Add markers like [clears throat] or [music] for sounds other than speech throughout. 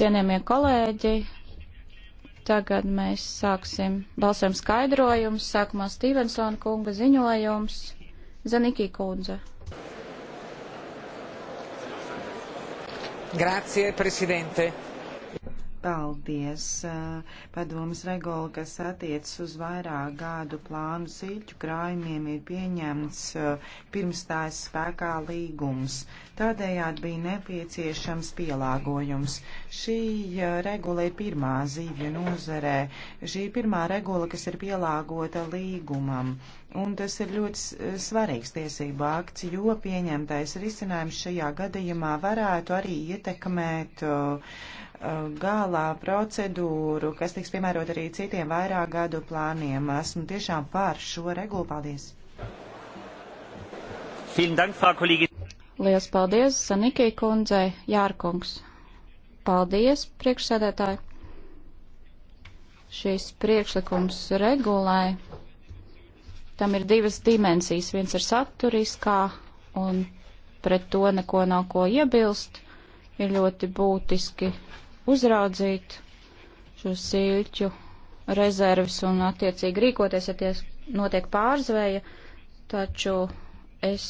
Cienījamie kolēģi, tagad mēs sāksim balsojumu skaidrojumus. Sākumā Stevensona kunga ziņojums. Zanikī kundze. Grazie, prezidente. Paldies! Eh, padomas regula, kas attiecas uz vairāk gādu plānu siļķu krājumiem, ir pieņemts eh, pirms tās spēkā līgums. Tādējādi bija nepieciešams pielāgojums. Šī eh, regula ir pirmā zīvju nozarē. Šī ir pirmā regula, kas ir pielāgota līgumam. Un tas ir ļoti eh, svarīgs tiesību akts, jo pieņemtais risinājums šajā gadījumā varētu arī ietekmēt uh, galā procedūru, kas tiks piemērot arī citiem vairāk gadu plāniem. Esmu tiešām pār šo regulu. Paldies! Lielas paldies, Sanikī kundzei, Jārkungs. Paldies, priekšsēdētāji. Šīs priekšlikums regulē Tam ir divas dimensijas. Viens ir saturiskā, un pret to neko nav ko iebilst. Ir ļoti būtiski uzraudzīt šo silķu rezerves un attiecīgi rīkoties, ja ties notiek pārzveja, taču es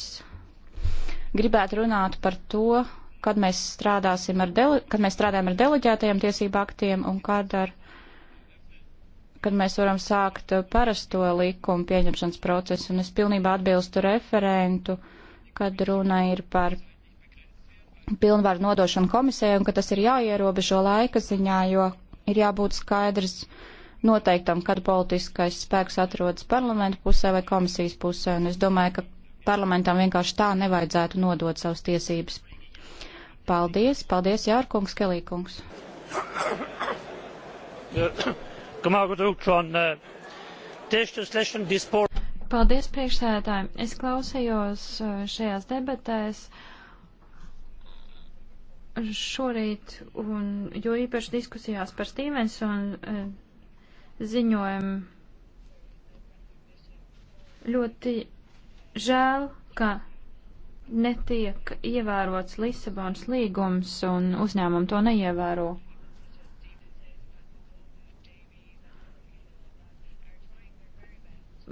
gribētu runāt par to, kad mēs strādāsim ar, dele, kad mēs strādājam ar deleģētajiem tiesību aktiem un kad ar kad mēs varam sākt uh, parasto likumu pieņemšanas procesu, un es pilnībā atbilstu referentu, kad runa ir par pilnvaru nodošanu komisijai, un ka tas ir jāierobežo laika ziņā, jo ir jābūt skaidrs noteiktam, kad politiskais spēks atrodas parlamentu pusē vai komisijas pusē, un es domāju, ka parlamentam vienkārši tā nevajadzētu nodot savas tiesības. Paldies, paldies Jārkungs, Kelīkungs. [coughs] Uh, Paldies priekšsēdētājiem. Es klausījos uh, šajās debatēs šorīt, un jo īpaši diskusijās par Stīvens un uh, ziņojumu ļoti žēl, ka netiek ievērots Lisabonas līgums un uzņēmumi to neievēro.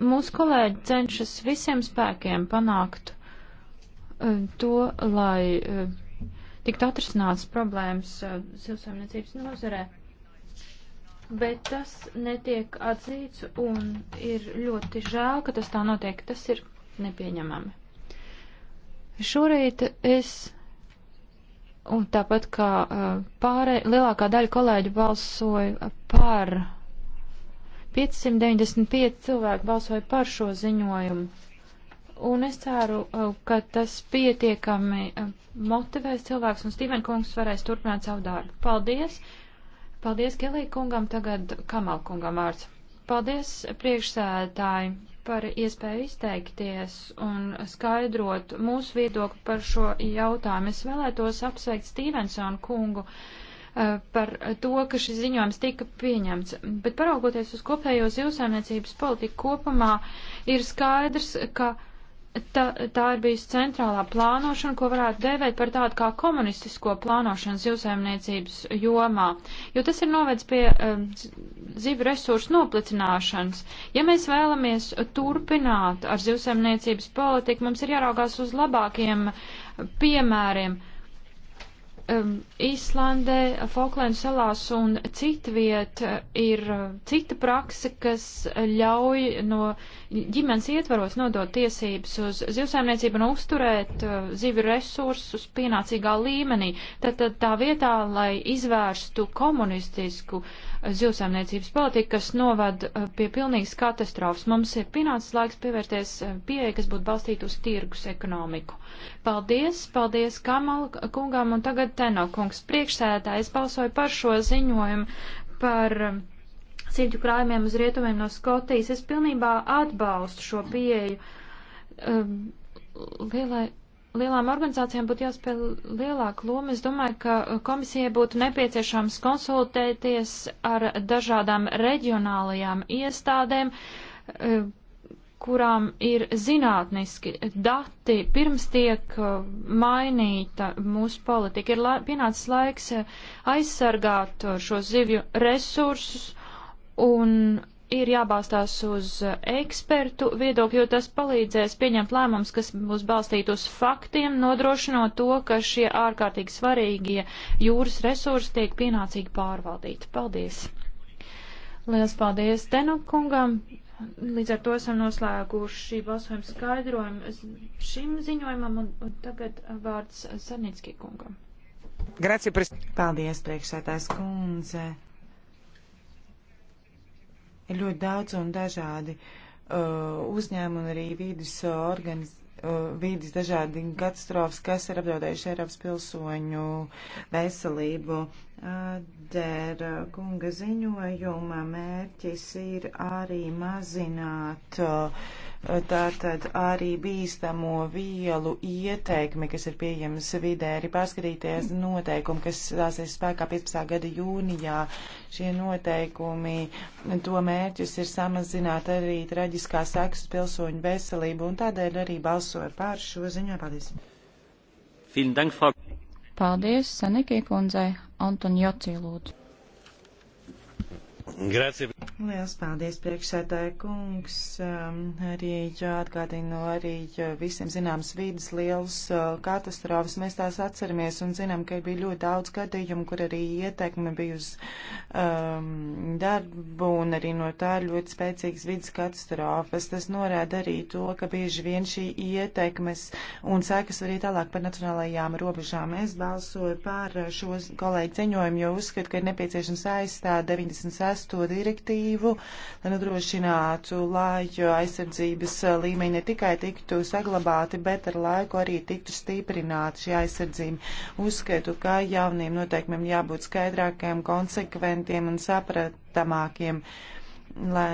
Mūsu kolēģi cenšas visiem spēkiem panākt eh, to, lai eh, tiktu atrisināts problēmas eh, zivsaimniecības nozarē, bet tas netiek atzīts un ir ļoti žēl, ka tas tā notiek. Tas ir nepieņemami. Šorīt es, un tāpat kā pārē, lielākā daļa kolēģi balsoja par 595 cilvēki balsoja par šo ziņojumu. Un es ceru, uh, ka tas pietiekami uh, motivēs cilvēks, un Stīven kungs varēs turpināt savu darbu. Paldies! Paldies Gelī kungam, tagad Kamal kungam vārds. Paldies priekšsēdētāji par iespēju izteikties un skaidrot mūsu viedokli par šo jautājumu. Es vēlētos apsveikt Stevensonu kungu. Uh, Eh, par to, ka šis ziņojums tika pieņemts. Bet paraugoties uz kopējo zivsaimniecības politiku kopumā, ir skaidrs, ka ta, tā ir bijusi centrālā plānošana, ko varētu dēvēt par tādu kā komunistisko plānošanu zivsaimniecības jomā, jo tas ir novedis pie um, zivu resursu noplicināšanas. Ja mēs vēlamies turpināt ar zivsaimniecības politiku, mums ir jāraugās uz labākiem piemēriem. Uh, um, ehm, Īslandē, Falklēnu salās un citviet ir eh, cita praksa, kas ļauj no ģimenes ietvaros nodot tiesības uz zivsaimniecību un uzturēt uh, eh, zivju resursus pienācīgā līmenī. Tad, tad tā vietā, lai izvērstu komunistisku uh, zivsēmniecības politika, kas novad uh, pie pilnīgas katastrofas. Mums ir pienācis laiks pievērties uh, pieeja, kas būtu balstīta uz tirgus ekonomiku. Paldies, paldies Kamal kungam un tagad Teno kungs. Priekšsēdētāji, es balsoju par šo ziņojumu par um, siļķu krājumiem uz rietumiem no Skotijas. Es pilnībā atbalstu šo pieeju. Um, lielai lielām organizācijām būtu jāspēlē lielāka loma. Es domāju, ka uh, komisijai būtu nepieciešams konsultēties ar dažādām reģionālajām iestādēm, uh, kurām ir zinātniski dati, pirms tiek uh, mainīta mūsu politika. Ir la pienācis laiks aizsargāt šo zivju resursus un ir jābalstās uz ekspertu viedokļu, jo tas palīdzēs pieņemt lēmums, kas būs balstīt uz faktiem, nodrošinot to, ka šie ārkārtīgi svarīgie jūras resursi tiek pienācīgi pārvaldīti. Paldies! Liels paldies Tenu kungam! Līdz ar to esam noslēguši balsojumu skaidrojumu šim ziņojumam, un, un tagad vārds Sarnītskī kungam. Grazie, pres... Paldies, priekšsētājs kundze! Ir ļoti daudz un dažādi uh, uzņēmumi un arī vīdes organiz, uh, vīdes dažādi katastrofas, kas ir apdraudējuši Eiropas pilsoņu veselību. Dēra kunga ziņojuma mērķis ir arī mazināt uh, tātad arī bīstamo vielu ieteikumi, kas ir pieejams vidē, arī paskatīties noteikumi, kas stāsies spēkā 15. gada jūnijā. Šie noteikumi, to mērķis ir samazināt arī traģiskā sekas pilsoņu veselību, un tādēļ arī balsoju par šo ziņojumu. Paldies! Paldies, Sanikī kundzei! Antoni Jocī lūdzu. Grazie. Liels paldies, priekšsētāja kungs. Um, arī atgādinu arī visiem zināms vīdas liels uh, katastrofas. Mēs tās atceramies un zinām, ka bija ļoti daudz gadījumu, kur arī ietekme bija uz um, darbu un arī no tā ļoti spēcīgas vīdas katastrofas. Tas norāda arī to, ka bieži vien šī ietekmes un sēkas arī tālāk par nacionālajām robežām. Es balsoju par šo kolēģi ceņojumu, jo uzskatu, ka ir nepieciešams aizstāt 96 sesto direktīvu, lai nodrošinātu, lai aizsardzības līmeņi ne tikai tiktu saglabāti, bet ar laiku arī tiktu stiprināti šī aizsardzība. Uzskatu, ka jauniem noteikumiem jābūt skaidrākiem, konsekventiem un sapratamākiem, lai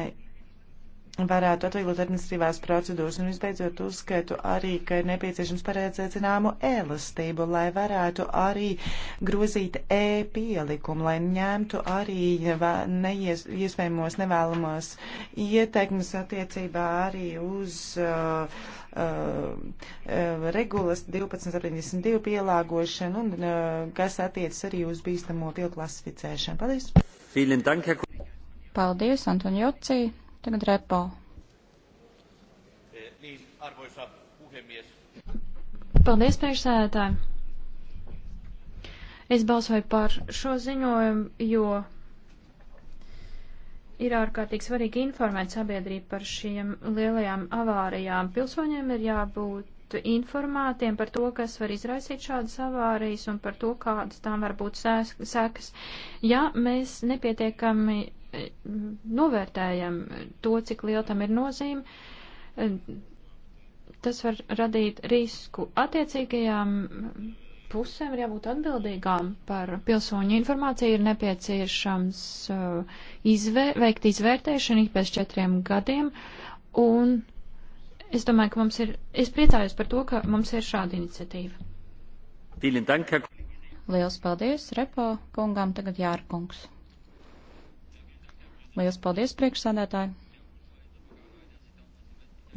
varētu atvieglot administratīvās procedūras. Un visbeidzot uzskaitu arī, ka ir nepieciešams paredzēt zināmu elastību, lai varētu arī grozīt e-pielikumu, lai ņemtu arī neies, iespējamos nevēlamos ieteikumus attiecībā arī uz uh, uh, uh regulas 1272 pielāgošanu, un, uh, kas attiecas arī uz bīstamo pielu klasificēšanu. Paldies! Paldies, Antoni Jocija! Tagad repo. Eh, Paldies, priekšsēdētāji! Es balsoju par šo ziņojumu, jo ir ārkārtīgi svarīgi informēt sabiedrību par šiem lielajām avārijām. Pilsoņiem ir jābūt informātiem par to, kas var izraisīt šādas avārijas un par to, kādas tām var būt sēkas. Ja mēs nepietiekami novērtējam to, cik liela tam ir nozīme, tas var radīt risku attiecīgajām pusēm ir jābūt atbildīgām par pilsoņu informāciju, ir nepieciešams uh, izvē, veikt izvērtēšanu ik pēc četriem gadiem, un es domāju, ka mums ir, es priecājos par to, ka mums ir šāda iniciatīva. Liels paldies, Repo kungām, tagad Jārkungs. Lielas paldies, priekšsēdētāji!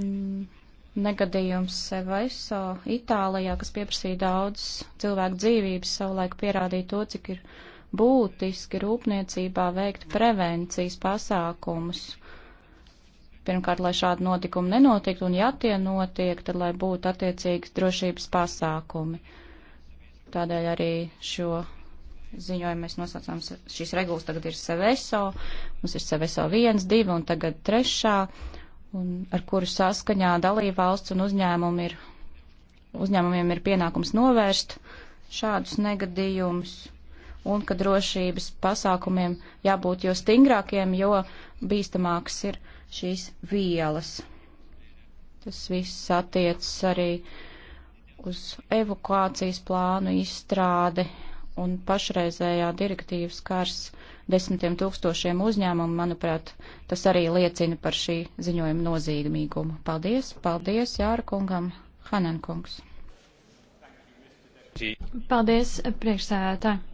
Mm, negadījums Sevaiso Itālijā, kas pieprasīja daudz cilvēku dzīvības, savulaik pierādīja to, cik ir būtiski rūpniecībā veikt prevencijas pasākumus. Pirmkārt, lai šādi notikumi nenotiktu, un ja tie notiek, tad lai būtu attiecīgas drošības pasākumi. Tādēļ arī šo ziņojumu mēs nosaucām, šīs regulas tagad ir Seveso, mums ir Seveso 1, 2 un tagad 3, un ar kuru saskaņā dalībvalsts un uzņēmumi ir, uzņēmumiem ir pienākums novērst šādus negadījumus, un ka drošības pasākumiem jābūt jo stingrākiem, jo bīstamāks ir šīs vielas. Tas viss attiecas arī uz evakuācijas plānu izstrādi, un pašreizējā direktīva skars desmitiem tūkstošiem uzņēmumu, manuprāt, tas arī liecina par šī ziņojuma nozīmīgumu. Paldies, paldies Jāra kungam, Hanan kungs. Paldies, priekšsēdētāji.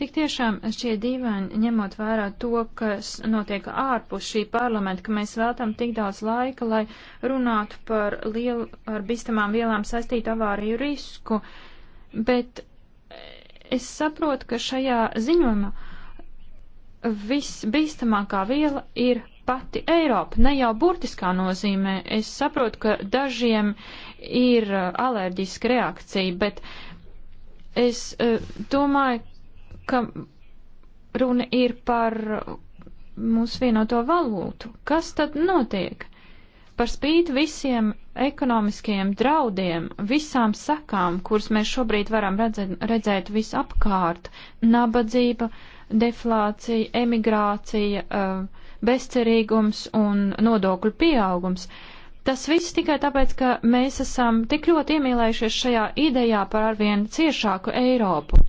Tik tiešām šie dīvaini, ņemot vērā to, kas notiek ārpus šī parlamenta, ka mēs veltam tik daudz laika, lai runātu par lielu, ar bīstamām vielām saistītu avāriju risku, bet Es saprotu, ka šajā ziņojumā visbīstamākā viela ir pati Eiropa, ne jau burtiskā nozīmē. Es saprotu, ka dažiem ir uh, alerģiska reakcija, bet es uh, domāju, ka runa ir par uh, mūsu vienoto valūtu. Kas tad notiek? Par spīti visiem ekonomiskajiem draudiem, visām sakām, kuras mēs šobrīd varam redzēt, redzēt visapkārt - nabadzība, deflācija, emigrācija, eh, bezcerīgums un nodokļu pieaugums. Tas viss tikai tāpēc, ka mēs esam tik ļoti iemīlējušies šajā idejā par arvien ciešāku Eiropu.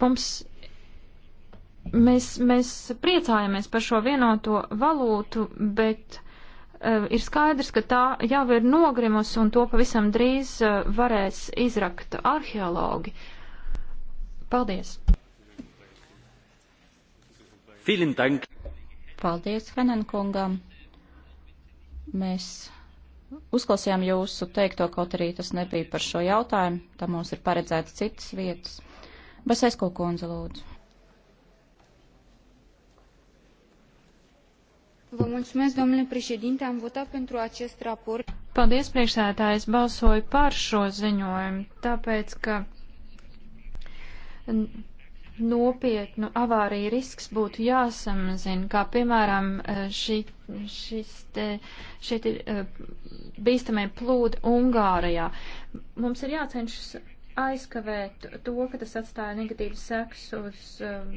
Mums Mēs, mēs priecājamies par šo vienoto valūtu, bet uh, ir skaidrs, ka tā jau ir nogrimusi un to pavisam drīz uh, varēs izrakt arheologi. Paldies! Paldies Henenkungam! Mēs uzklausījām jūsu teikto, kaut arī tas nebija par šo jautājumu, tā mums ir paredzēts citas vietas. Basēs Kokundze, lūdzu. am votat pentru acest raport. Paldies, priekšsētājs, balsoju par šo ziņojumu, tāpēc, ka nopietnu avāriju risks būtu jāsamazina, kā piemēram šī, šis te, šie te, eh, bīstamie plūdi Ungārijā. Mums ir jācenšas aizkavēt to, ka tas atstāja negatīvas sekas uz. Um,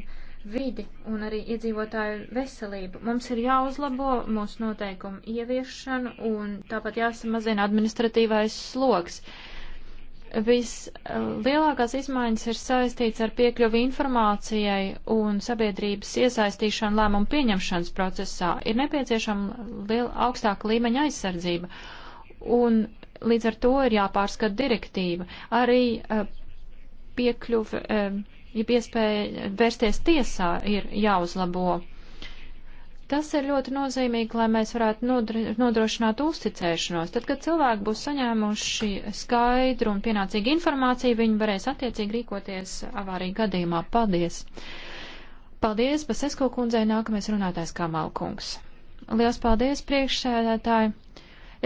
vidi un arī iedzīvotāju veselību. Mums ir jāuzlabo mūsu noteikumu ieviešanu un tāpat jāsamazina administratīvais sloks. Vislielākās eh, izmaiņas ir saistīts ar piekļuvi informācijai un sabiedrības iesaistīšanu lēmumu pieņemšanas procesā. Ir nepieciešama liela augstāka līmeņa aizsardzība. Un līdz ar to ir jāpārskata direktīva. Arī uh, piekļuve uh, ja iespēja vērsties tiesā ir jāuzlabo. Tas ir ļoti nozīmīgi, lai mēs varētu nodrošināt uzticēšanos. Tad, kad cilvēki būs saņēmuši skaidru un pienācīgu informāciju, viņi varēs attiecīgi rīkoties avārija gadījumā. Paldies! Paldies, Basesko kundzei, nākamais runātājs Kamalkungs. Lielas paldies, priekšsēdētāji!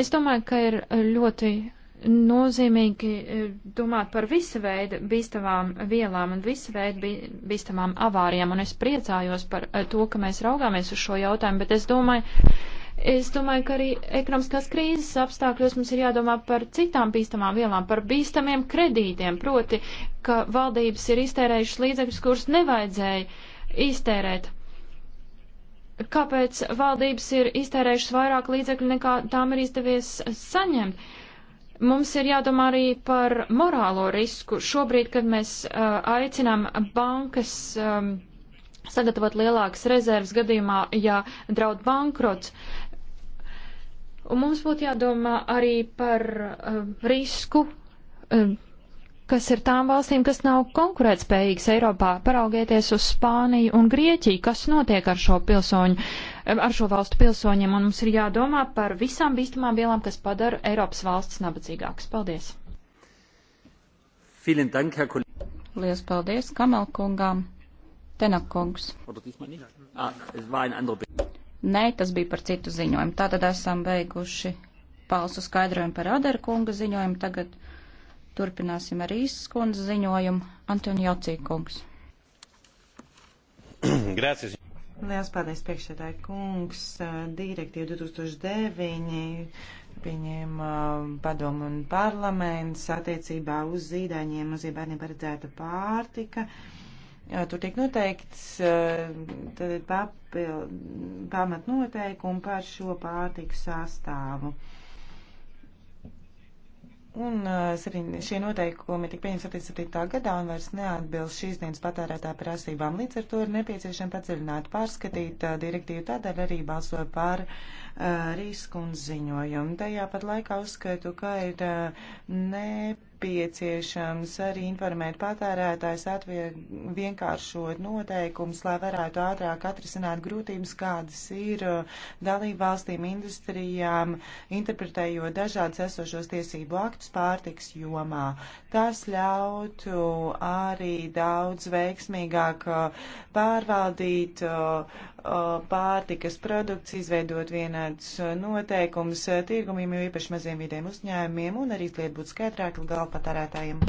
Es domāju, ka ir ļoti nozīmīgi e, domāt par visu veidu bīstamām vielām un visu veidu bīstamām avārijām, un es priecājos par e, to, ka mēs raugāmies uz šo jautājumu, bet es domāju, es domāju, ka arī ekonomiskās krīzes apstākļos mums ir jādomā par citām bīstamām vielām, par bīstamiem kredītiem, proti, ka valdības ir iztērējušas līdzekļus, kurus nevajadzēja iztērēt kāpēc valdības ir iztērējušas vairāk līdzekļu nekā tām ir izdevies saņemt. Mums ir jādomā arī par morālo risku. Šobrīd, kad mēs uh, aicinām bankas um, sagatavot lielākas rezerves gadījumā, ja draud bankrots, un mums būtu jādomā arī par uh, risku, uh, kas ir tām valstīm, kas nav konkurētspējīgas Eiropā. Paraugieties uz Spāniju un Grieķiju, kas notiek ar šo pilsoņu uh, ar šo valstu pilsoņiem, un mums ir jādomā par visām bīstamām vielām, kas padara Eiropas valsts nabadzīgākas. Paldies! Lielas paldies Kamelkungām! Tenakungs. Ah, Nē, tas bija par citu ziņojumu. Tātad esam beiguši balsu skaidrojumu par Adera kunga ziņojumu. Tagad turpināsim ar īsas kundas ziņojumu. Antoni Jocī kungs. [clears throat] Grācis. Liels paldies priekšsēdāji kungs. Direktīva 2009 pieņēma um, padomu un parlaments attiecībā uz zīdaiņiem mazie bērniem paredzēta pārtika. Tur tiek noteikts uh, pamatnoteikumi par šo pārtiku sastāvu. Un šie noteikumi tika pieņemts 77. gadā un vairs neatbilst šīs dienas patērētāju prasībām. Līdz ar to ir nepieciešama padziļināt, pārskatīt direktīvu, tādēļ arī balsoju par uh, risku un ziņojumu. Tajā pat laikā uzskaitu, ka ir uh, ne nepieciešams arī informēt patērētājs, vienkāršot noteikumus, lai varētu ātrāk atrisināt grūtības, kādas ir uh, dalību valstīm, industrijām, interpretējot dažādas esošos tiesību aktus pārtiks jomā. Tas ļautu arī daudz veiksmīgāk uh, pārvaldīt uh, pārtikas produkts, izveidot vienādus noteikumus tirgumiem, jo īpaši maziem vidiem uzņēmumiem, un arī lieta būtu skaidrāka galpatērētājiem.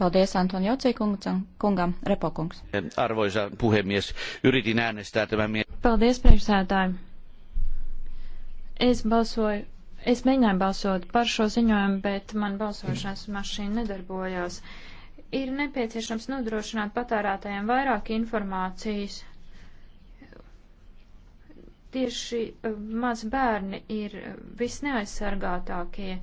Paldies Anton Jocī kungam, Repokungs. Arvoisa puhemies, yritin äänestää tämän mie- Paldies priekšsēdētāji. Es balsoju, es mēģināju balsot par šo ziņojumu, bet man balsošanas mašīna nedarbojās. Ir nepieciešams nodrošināt patērētājiem vairāk informācijas tieši eh, maz bērni ir eh, visneaizsargātākie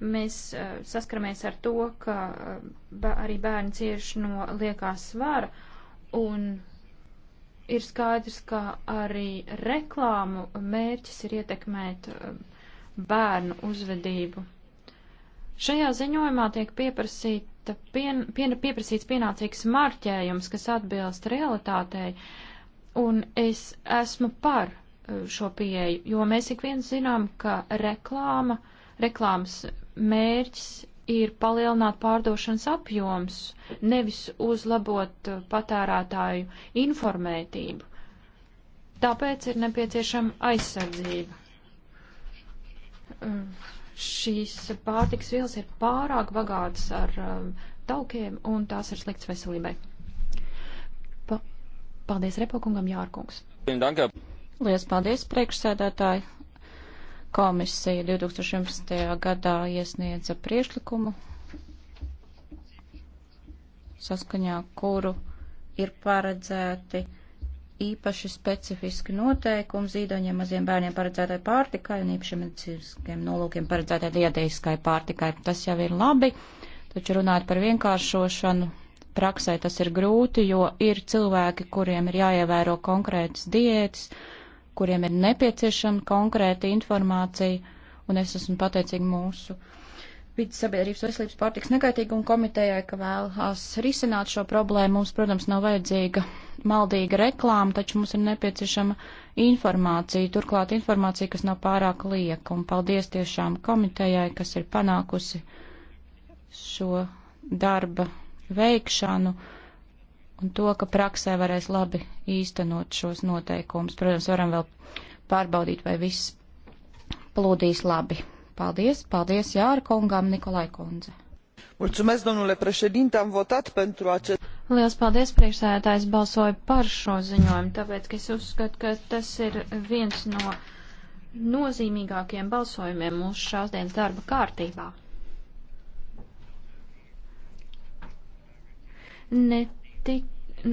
mēs eh, saskaramies ar to, ka eh, arī bērni cieši no liekā svara un ir skaidrs, ka arī reklāmu mērķis ir ietekmēt eh, bērnu uzvedību. Šajā ziņojumā tiek pieprasīta, pien, pien, pieprasīts pienācīgs marķējums, kas atbilst realitātei, un es esmu par šo pieeju, jo mēs ik viens zinām, ka reklāma, reklāmas mērķis ir palielināt pārdošanas apjoms, nevis uzlabot uh, patērētāju informētību. Tāpēc ir nepieciešama aizsardzība. Uh, šīs pārtiks vielas ir pārāk bagātas ar uh, taukiem un tās ir slikts veselībai. Pa Paldies Repokungam Jārkungs. Lielas paldies priekšsēdētāji. Komisija 2011. gadā iesniedza priešlikumu, saskaņā kuru ir paredzēti īpaši specifiski noteikumi zīdaņiem maziem bērniem paredzētai pārtikai un īpaši medicīniskiem nolūkiem paredzētai dietēiskai pārtikai. Tas jau ir labi, taču runāt par vienkāršošanu praksē tas ir grūti, jo ir cilvēki, kuriem ir jāievēro konkrētas diētas, kuriem ir nepieciešama konkrēta informācija, un es esmu pateicīga mūsu vidas sabiedrības veselības pārtiks nekaitīguma komitejai, ka vēlās risināt šo problēmu. Mums, protams, nav vajadzīga maldīga reklāma, taču mums ir nepieciešama informācija, turklāt informācija, kas nav pārāk lieka, un paldies tiešām komitejai, kas ir panākusi šo darba veikšanu un to, ka praksē varēs labi īstenot šos noteikumus. Protams, varam vēl pārbaudīt, vai viss plūdīs labi. Paldies, paldies Jāra kungām, Nikolai kundze. Mulțumesc, domnule președinte, am votat pentru acest... Liels paldies, priekšsēdētājs balsoja par šo ziņojumu, tāpēc, ka es uzskatu, ka tas ir viens no nozīmīgākiem balsojumiem mūsu šās dienas darba kārtībā. Ne tik,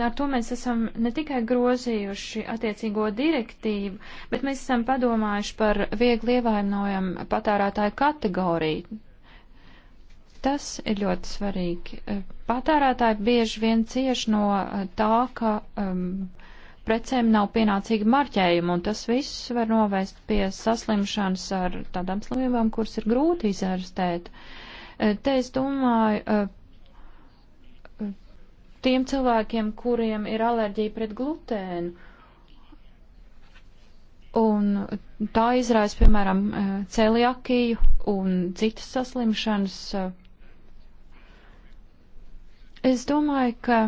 ar to mēs esam ne tikai grozījuši attiecīgo direktīvu, bet mēs esam padomājuši par viegli ievainojumu patērētāju kategoriju. Tas ir ļoti svarīgi. Eh, patērētāji bieži vien cieš no eh, tā, ka um, precēm nav pienācīga marķējuma, un tas viss var novest pie saslimšanas ar tādām slimībām, kuras ir grūti izārstēt. Eh, te es domāju tiem cilvēkiem, kuriem ir alerģija pret glutēnu. Un tā izraisa, piemēram, eh, celiakiju un citas saslimšanas. Es domāju, ka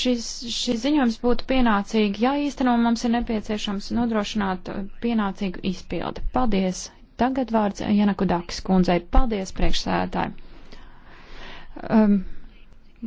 šis, šis ziņojums būtu pienācīgi, ja īstenībā mums ir nepieciešams nodrošināt pienācīgu izpildi. Paldies! Tagad vārds Janaku Dakis kundzei. Paldies, priekšsēdētāji! Um,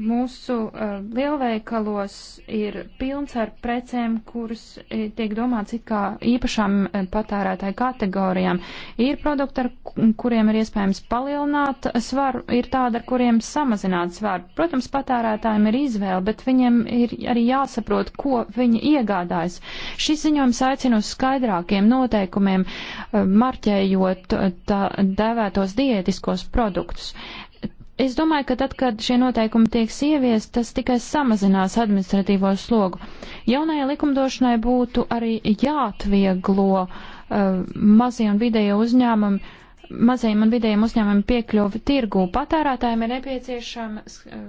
Mūsu uh, lielveikalos ir pilns ar precēm, kuras uh, tiek domāts it kā īpašām uh, patērētāju kategorijām. Ir produkti, ar kuriem ir iespējams palielināt svaru, ir tādi, ar kuriem samazināt svaru. Protams, patērētājiem ir izvēle, bet viņiem ir arī jāsaprot, ko viņi iegādājas. Šis ziņojums aicina uz skaidrākiem noteikumiem, uh, marķējot uh, tā devētos diētiskos produktus. Uh, Es domāju, ka tad, kad šie noteikumi tieks ieviest, tas tikai samazinās administratīvo slogu. Jaunajai likumdošanai būtu arī jāatvieglo uh, mazie un vidējo uzņēmumi, mazajiem un vidējiem uzņēmumiem piekļuvi tirgū. Patērētājiem ir nepieciešama uh,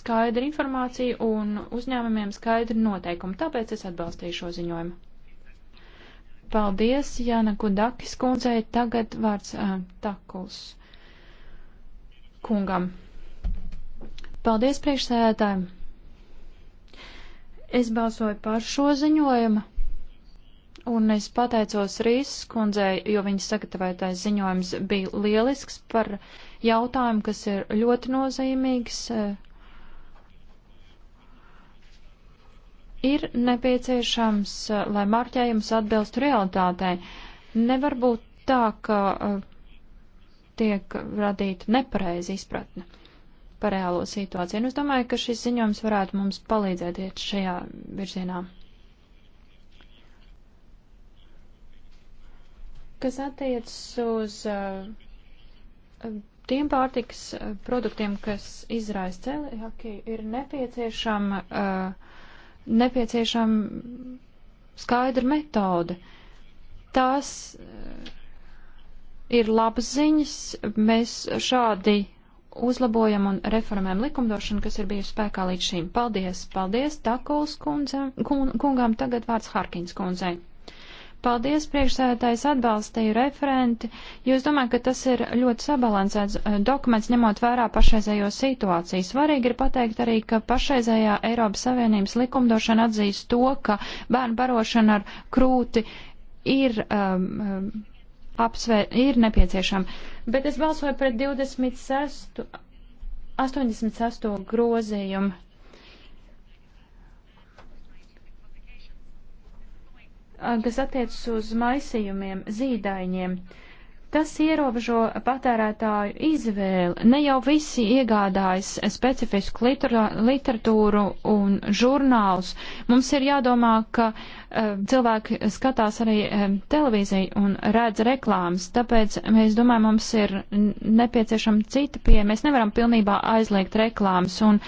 skaidra informācija un uzņēmumiem skaidri noteikumi. Tāpēc es atbalstīju šo ziņojumu. Paldies, Jāna Kudakis kundzei. Tagad vārds uh, Takuls kungam. Paldies priekšsēdētājiem! Es balsoju par šo ziņojumu, un es pateicos Rīsas kundzei, jo viņas sagatavotais ziņojums bija lielisks par jautājumu, kas ir ļoti nozīmīgs. Ir nepieciešams, lai marķējums atbilstu realitātei. Nevar būt tā, ka uh, tiek radīta nepareiza izpratne par reālo situāciju. Un es domāju, ka šis ziņojums varētu mums palīdzēt iet šajā virzienā. Kas attiecas uz uh, tiem pārtikas uh, produktiem, kas izraisa celiaki, ir nepieciešama, uh, nepieciešama skaidra metode. Tās uh, ir labas ziņas. Mēs šādi uzlabojam un reformējam likumdošanu, kas ir bijusi spēkā līdz šīm. Paldies! Paldies Takuls kundze, kungām, tagad vārds Harkins kundzei. Paldies, priekšsēdētājs atbalstīja referenti. Jūs domājat, ka tas ir ļoti sabalansēts eh, dokuments, ņemot vērā pašreizējo situāciju. Svarīgi ir pateikt arī, ka pašreizējā Eiropas Savienības likumdošana atzīst to, ka bērnu barošana ar krūti ir. Um, apsvēr, ir nepieciešama. Bet es balsoju pret 26, 88 grozījumu. kas attiecas uz maisījumiem, zīdaiņiem. Uh, Tas ierobežo patērētāju izvēli. Ne jau visi iegādājas specifisku literatūru un žurnālus. Mums ir jādomā, ka uh, cilvēki skatās arī um, televīziju un redz reklāmas. Tāpēc mēs domājam, mums ir nepieciešama cita pieeja. Mēs nevaram pilnībā aizliegt reklāmas. Un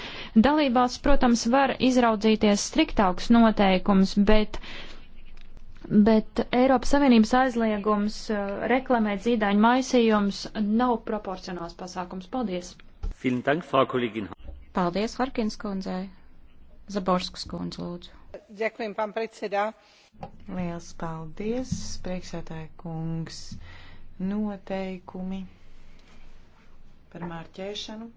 dalībās, protams, var izraudzīties striktāks noteikums, bet uh, bet Eiropas Savienības aizliegums eh, reklamēt zīdaiņu maisījums nav proporcionāls pasākums. Paldies! Paldies, Harkins kundzei! Zaborskas kundze, lūdzu. Ďakujem, pán predsedā. Liels paldies, priekšsētāja kungs. Noteikumi par mārķēšanu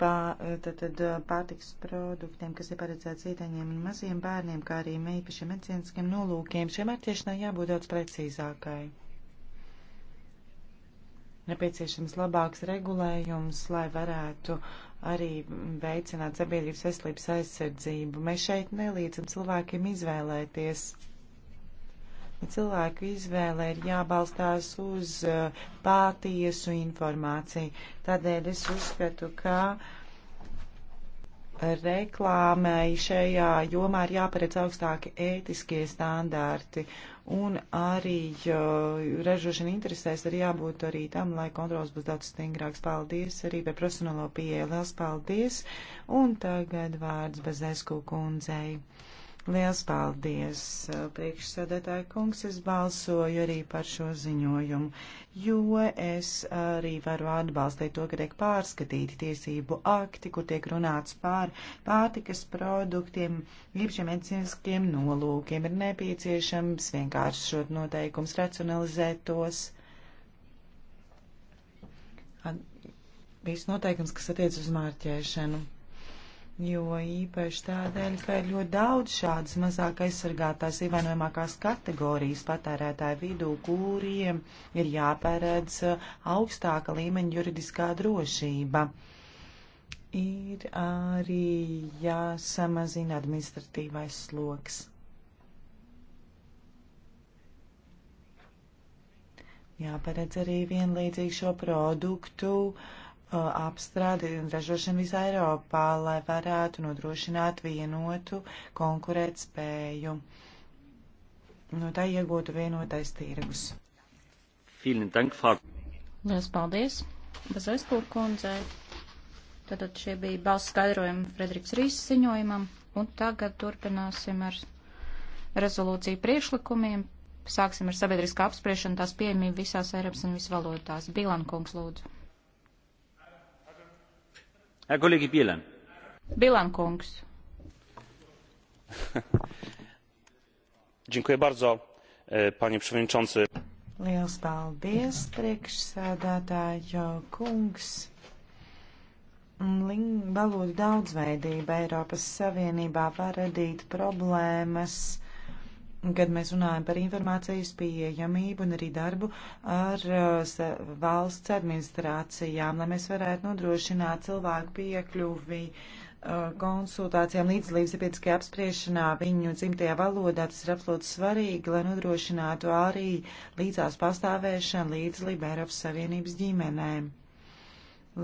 pā, eh, tad, tad, eh, pārtiks produktiem, kas ir paredzēts ieteņiem un maziem bērniem, kā arī īpašiem medicīniskiem nolūkiem. Šiem attiešanai jābūt daudz precīzākai. Nepieciešams labāks regulējums, lai varētu arī veicināt sabiedrības veselības aizsardzību. Mēs šeit nelīdzam cilvēkiem izvēlēties Cilvēku izvēle ir jābalstās uz uh, pātiesu informāciju. Tādēļ es uzskatu, ka reklāmai šajā jomā ir jāparedz augstāki ētiskie standārti un arī uh, ražošana interesēs ir jābūt arī tam, lai kontrols būs daudz stingrāks. Paldies arī par profesionālo pieeju. Liels paldies! Un tagad vārds Bazesku kundzei. Liels paldies, eh, priekšsēdētāji kungs, es balsoju arī par šo ziņojumu, jo es arī varu atbalstīt to, ka tiek pārskatīti tiesību akti, kur tiek runāts pār pārtikas produktiem, īpašiem medicīniskiem nolūkiem. Ir nepieciešams vienkāršot noteikums, racionalizēt tos. Viss noteikums, kas attiec uz mārķēšanu jo īpaši tādēļ, ka ir ļoti daudz šādas mazāk aizsargātās ievainojamākās kategorijas patērētāju vidū, kuriem ir jāpēredz uh, augstāka līmeņa juridiskā drošība. Ir arī jāsamazina administratīvais sloks. Jāparedz arī vienlīdzīgi šo produktu uh, apstrādi un ražošanu visā Eiropā, lai varētu nodrošināt vienotu konkurēt spēju. No tā iegūtu vienotais tirgus. Lielas paldies, Bazaiskur kundzei. Tātad šie bija balss skaidrojumi Frederiks Rīsas ziņojumam, un tagad turpināsim ar rezolūciju priekšlikumiem. Sāksim ar sabiedriskā apspriešanu tās pieejamību visās Eiropas un visvalodās. Bilan kungs lūdzu. Kolēģi Bielan. Bielan kungs. [laughs] Dziękuję bardzo, e, panie przewodniczący. Liels paldies, priekšsēdētājo kungs. Valūtu daudzveidība Eiropas Savienībā var radīt problēmas kad mēs runājam par informācijas pieejamību un arī darbu ar uh, valsts administrācijām, lai mēs varētu nodrošināt cilvēku piekļuvi uh, konsultācijām līdz līdzsabiedriskajā apspriešanā viņu dzimtajā valodā. Tas ir absolūti svarīgi, lai nodrošinātu arī līdzās pastāvēšanu līdzlību Eiropas Savienības ģimenēm.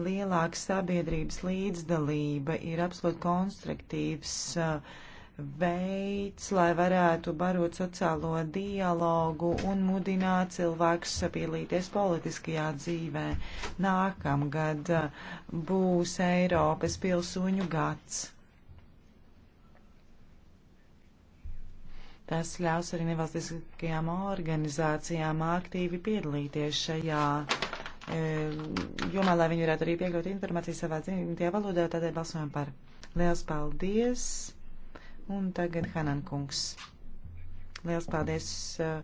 Lielāka sabiedrības līdzdalība ir absolūti konstruktīvs uh, veids, lai varētu barot sociālo dialogu un mudināt cilvēkus sapielīties politiskajā dzīvē. Nākamgad uh, būs Eiropas pilsoņu gads. Tas ļaus arī nevalstiskajām organizācijām aktīvi piedalīties šajā e, jomā, lai viņi varētu arī piekļūt informāciju savā dzimtajā valodā, tādēļ balsojam par. Liels paldies! Un tagad Hanan kungs. Liels paldies uh,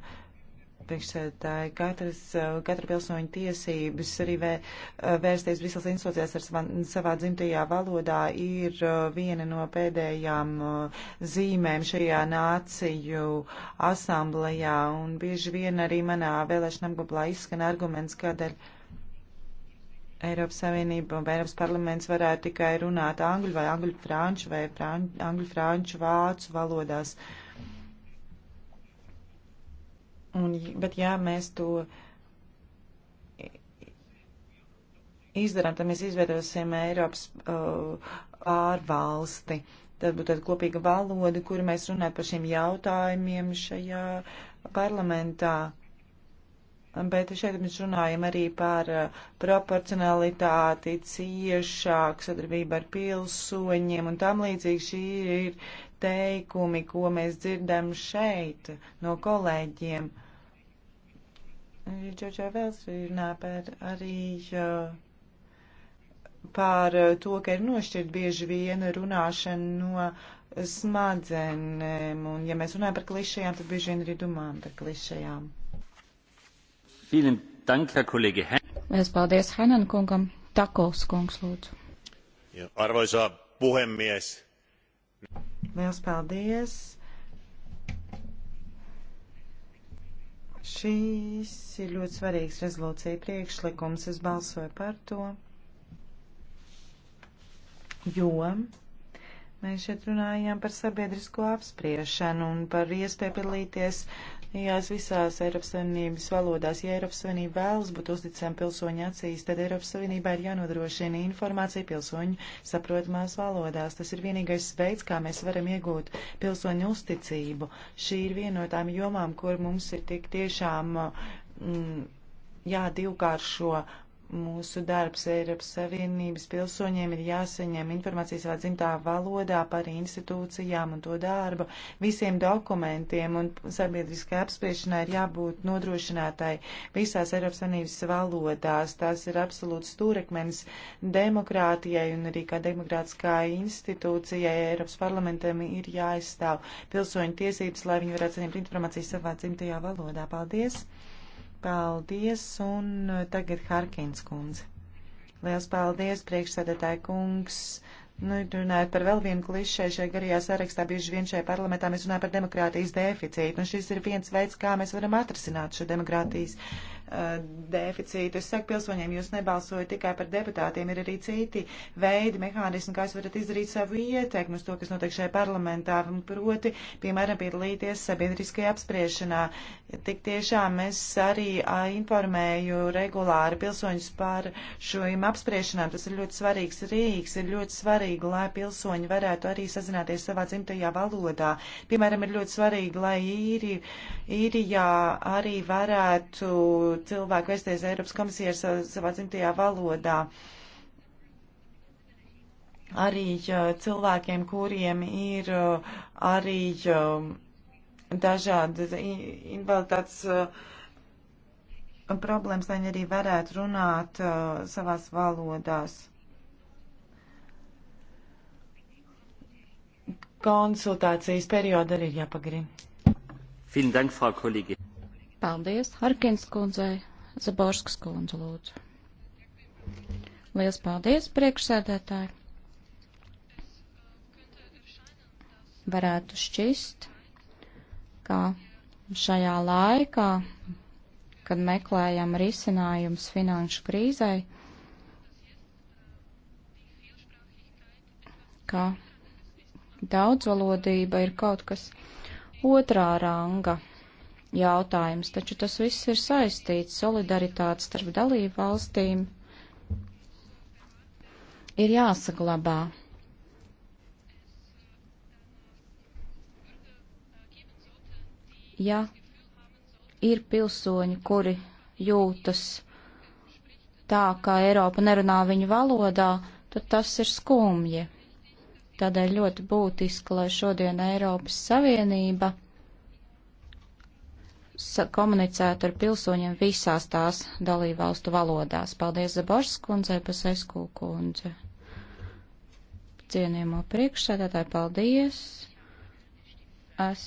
priekšsēdētāji. Katras, uh, katra pilsoņa tiesības arī vē, uh, vērsties Briseles institūcijās ar savā, savā dzimtajā valodā ir uh, viena no pēdējām uh, zīmēm šajā nāciju asamblējā. Un bieži vien arī manā vēlēšana apgabalā izskan arguments, kādēļ. Ar Eiropas Savienība un Eiropas parlaments varētu tikai runāt angļu vai angļu franču vai fran angļu franču vācu valodās. Un, bet jā, mēs to izdarām, tad mēs izveidosim Eiropas uh, ārvalsti. Tad būtu tāda kopīga valoda, kuru mēs runājam par šiem jautājumiem šajā parlamentā bet šeit mēs runājam arī par uh, proporcionalitāti, ciešāku sadarbību ar pilsoņiem un tam līdzīgi šī ir teikumi, ko mēs dzirdam šeit no kolēģiem. Džordžā Vēls runā par arī uh, par uh, to, ka ir nošķirt bieži viena runāšana no smadzenēm, un ja mēs runājam par klišajām, tad bieži vien arī domājam par klišajām. Lielas paldies Henan kungam. Takovs kungs lūdzu. Arvoisa puhemies. Lielas paldies. Šīs ir ļoti svarīgs rezolūcija priekšlikums. Es balsoju par to, jo mēs šeit runājām par sabiedrisko apspriešanu un par iespēju piedalīties uh, jās visās Eiropas Savienības valodās. Ja Eiropas Savienība vēlas būt uzticama pilsoņu acīs, tad Eiropas Savienībā ir jānodrošina informācija pilsoņu saprotamās valodās. Tas ir vienīgais veids, kā mēs varam iegūt pilsoņu uzticību. Šī ir viena no tām jomām, kur mums ir tik tiešām. Mm, jā, divkāršo mūsu darbs Eiropas Savienības pilsoņiem ir jāsaņem informācija savā dzimtā valodā par institūcijām un to darbu, visiem dokumentiem un sabiedriskai apspriešanai ir jābūt nodrošinātai visās Eiropas Savienības valodās. Tas ir absolūts stūrekmenis demokrātijai un arī kā demokrātiskā institūcijai Eiropas parlamentam ir jāizstāv pilsoņu tiesības, lai viņi varētu saņemt informāciju savā dzimtajā valodā. Paldies! Paldies, un eh, tagad Harkins kundze. Liels paldies, priekšsēdētāji kungs. Nu, runājot par vēl vienu klišēju šajā garajā sarakstā, bieži vien šajā parlamentā mēs runājam par demokrātijas deficītu, un šis ir viens veids, kā mēs varam atrasināt šo demokrātijas deficītu Uh, deficītu. Es saku pilsoņiem, jūs nebalsojat tikai par deputātiem, ir arī citi veidi, mehānismi, kā jūs varat izdarīt savu ieteikumu uz to, kas notiek šajā parlamentā, proti, piemēram, piedalīties sabiedriskajā apspriešanā. Tik tiešām es arī informēju regulāri pilsoņus par šīm apspriešanām. Tas ir ļoti svarīgs rīks, ir ļoti svarīgi, lai pilsoņi varētu arī sazināties savā dzimtajā valodā. Piemēram, ir ļoti svarīgi, lai īri, īrijā arī varētu cilvēku vērsties Eiropas komisijā savā dzimtajā valodā. Arī cilvēkiem, kuriem ir arī dažādas invaliditātes problēmas, lai viņi arī varētu runāt savās valodās. konsultācijas periodu arī ir jāpagarina. Paldies Harkins kundzei, Zaborskas kundze lūdzu. Liels paldies, priekšsēdētāji. Varētu šķist, ka šajā laikā, kad meklējam risinājumus finanšu krīzai, ka daudzvalodība ir kaut kas otrā ranga jautājums, taču tas viss ir saistīts. Solidaritāte starp dalību valstīm ir jāsaglabā. Ja ir pilsoņi, kuri jūtas tā, ka Eiropa nerunā viņu valodā, tad tas ir skumji. Tādēļ ļoti būtiski, lai šodien Eiropas Savienība komunicētu ar pilsoņiem visās tās dalībvalstu valodās. Paldies Zabošas kundze, Pasesku kundze. Cienījamo priekšsēdētāju, paldies. Es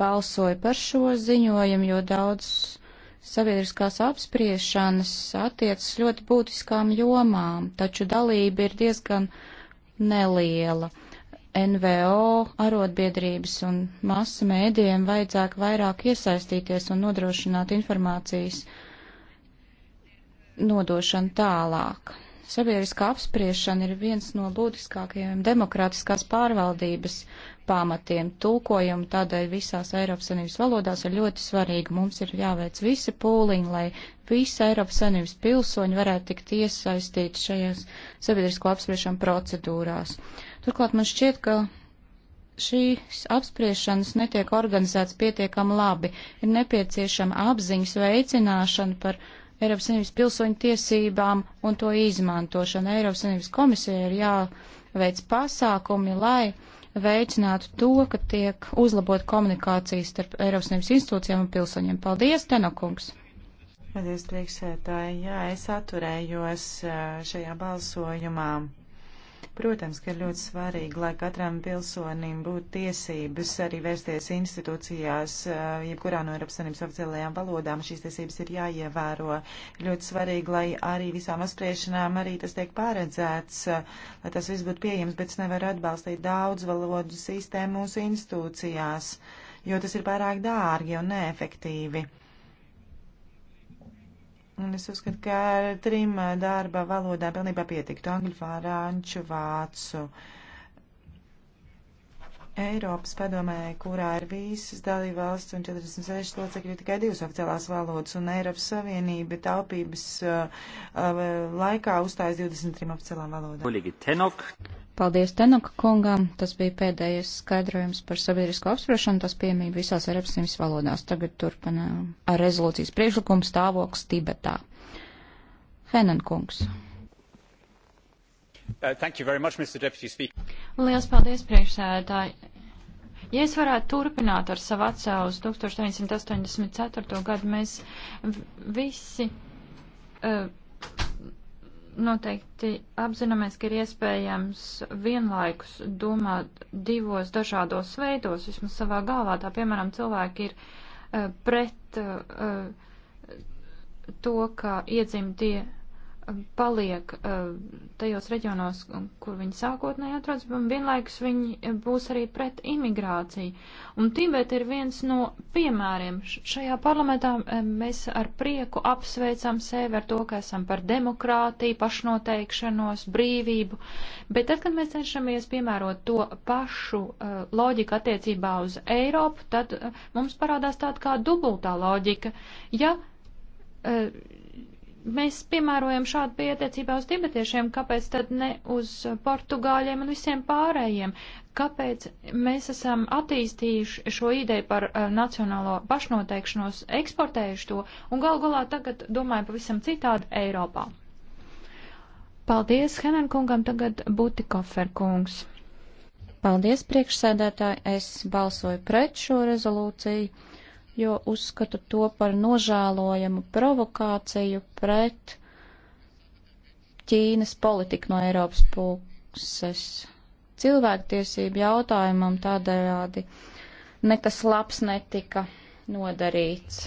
balsoju par šo ziņojumu, jo daudz sabiedriskās apspriešanas attiecas ļoti būtiskām jomām, taču dalība ir diezgan neliela. NVO, arotbiedrības un masu mēdījiem vajadzētu vairāk iesaistīties un nodrošināt informācijas nodošanu tālāk. Sabiedriskā apspriešana ir viens no būtiskākajiem demokrātiskās pārvaldības pamatiem. Tulkojumi tādēļ visās Eiropas Savienības valodās ir ļoti svarīgi. Mums ir jāveic visi pūliņi, lai visi Eiropas Savienības pilsoņi varētu tikt iesaistīti šajās sabiedrisko apspriešanu procedūrās. Turklāt man šķiet, ka šīs apspriešanas netiek organizētas pietiekami labi. Ir nepieciešama apziņas veicināšana par Eiropas Savienības pilsoņu tiesībām un to izmantošanu. Eiropas Savienības komisija ir jāveic pasākumi, lai veicinātu to, ka tiek uzlabot komunikācijas starp Eiropas Savienības institūcijām un pilsoņiem. Paldies, Tenokungs! Paldies, priekšsētāji. Jā, es atturējos eh, šajā balsojumā. Protams, ka ir ļoti svarīgi, lai katram pilsonim būtu tiesības arī vērsties institūcijās, eh, jebkurā no Eiropas Savienības oficiālajām valodām. Šīs tiesības ir jāievēro. Ļoti svarīgi, lai arī visām apspriešanām arī tas tiek paredzēts, eh, lai tas viss būtu pieejams, bet es nevaru atbalstīt daudz valodu sistēmu mūsu institūcijās, jo tas ir pārāk dārgi un neefektīvi. Un es uzskatu, ka trim eh, darba valodā pilnībā pietiktu angļu, franču, vācu. Uh, Eiropas padomē, kurā ir visas dalībvalsts un 46 locekļi tikai divas oficiālās valodas, un Eiropas Savienība taupības uh, uh, laikā uzstājas 23 oficiālām valodām. Paldies Tenok kungam, tas bija pēdējais skaidrojums par sabiedrisko apspriešanu, tas piemība visās Eiropas Savienības valodās. Tagad turpinām ar rezolūcijas priekšlikumu stāvoklis Tibetā. Henan kungs. Mm. Uh, much, Lielas paldies, priekšsēdētāji. Ja es varētu turpināt ar savu atcēlus 1984. gadu, mēs visi uh, noteikti apzināmies, ka ir iespējams vienlaikus domāt divos dažādos veidos, vismaz savā galvā. Tā piemēram, cilvēki ir uh, pret uh, uh, to, ka iedzimtie paliek eh, tajos reģionos, kur viņi sākotnēji atrodas, un vienlaikus viņi būs arī pret imigrāciju. Un Tibet ir viens no piemēriem. Šajā parlamentā eh, mēs ar prieku apsveicam sevi ar to, ka esam par demokrātiju, pašnoteikšanos, brīvību, bet tad, kad mēs cenšamies piemērot to pašu uh, loģiku attiecībā uz Eiropu, tad uh, mums parādās tāda kā dubultā loģika. Ja, uh, mēs piemērojam šādu pieeja attiecībā uz tibetiešiem, kāpēc tad ne uz portugāļiem un visiem pārējiem? Kāpēc mēs esam attīstījuši šo ideju par uh, nacionālo pašnoteikšanos, eksportējuši to un gal galā tagad domāju pavisam citādi Eiropā? Paldies Henan kungam, tagad Butikofer kungs. Paldies priekšsēdētāji, es balsoju pret šo rezolūciju jo uzskatu to par nožēlojamu provokāciju pret Ķīnas politiku no Eiropas puses. Cilvēktiesību jautājumam tādējādi nekas labs netika nodarīts.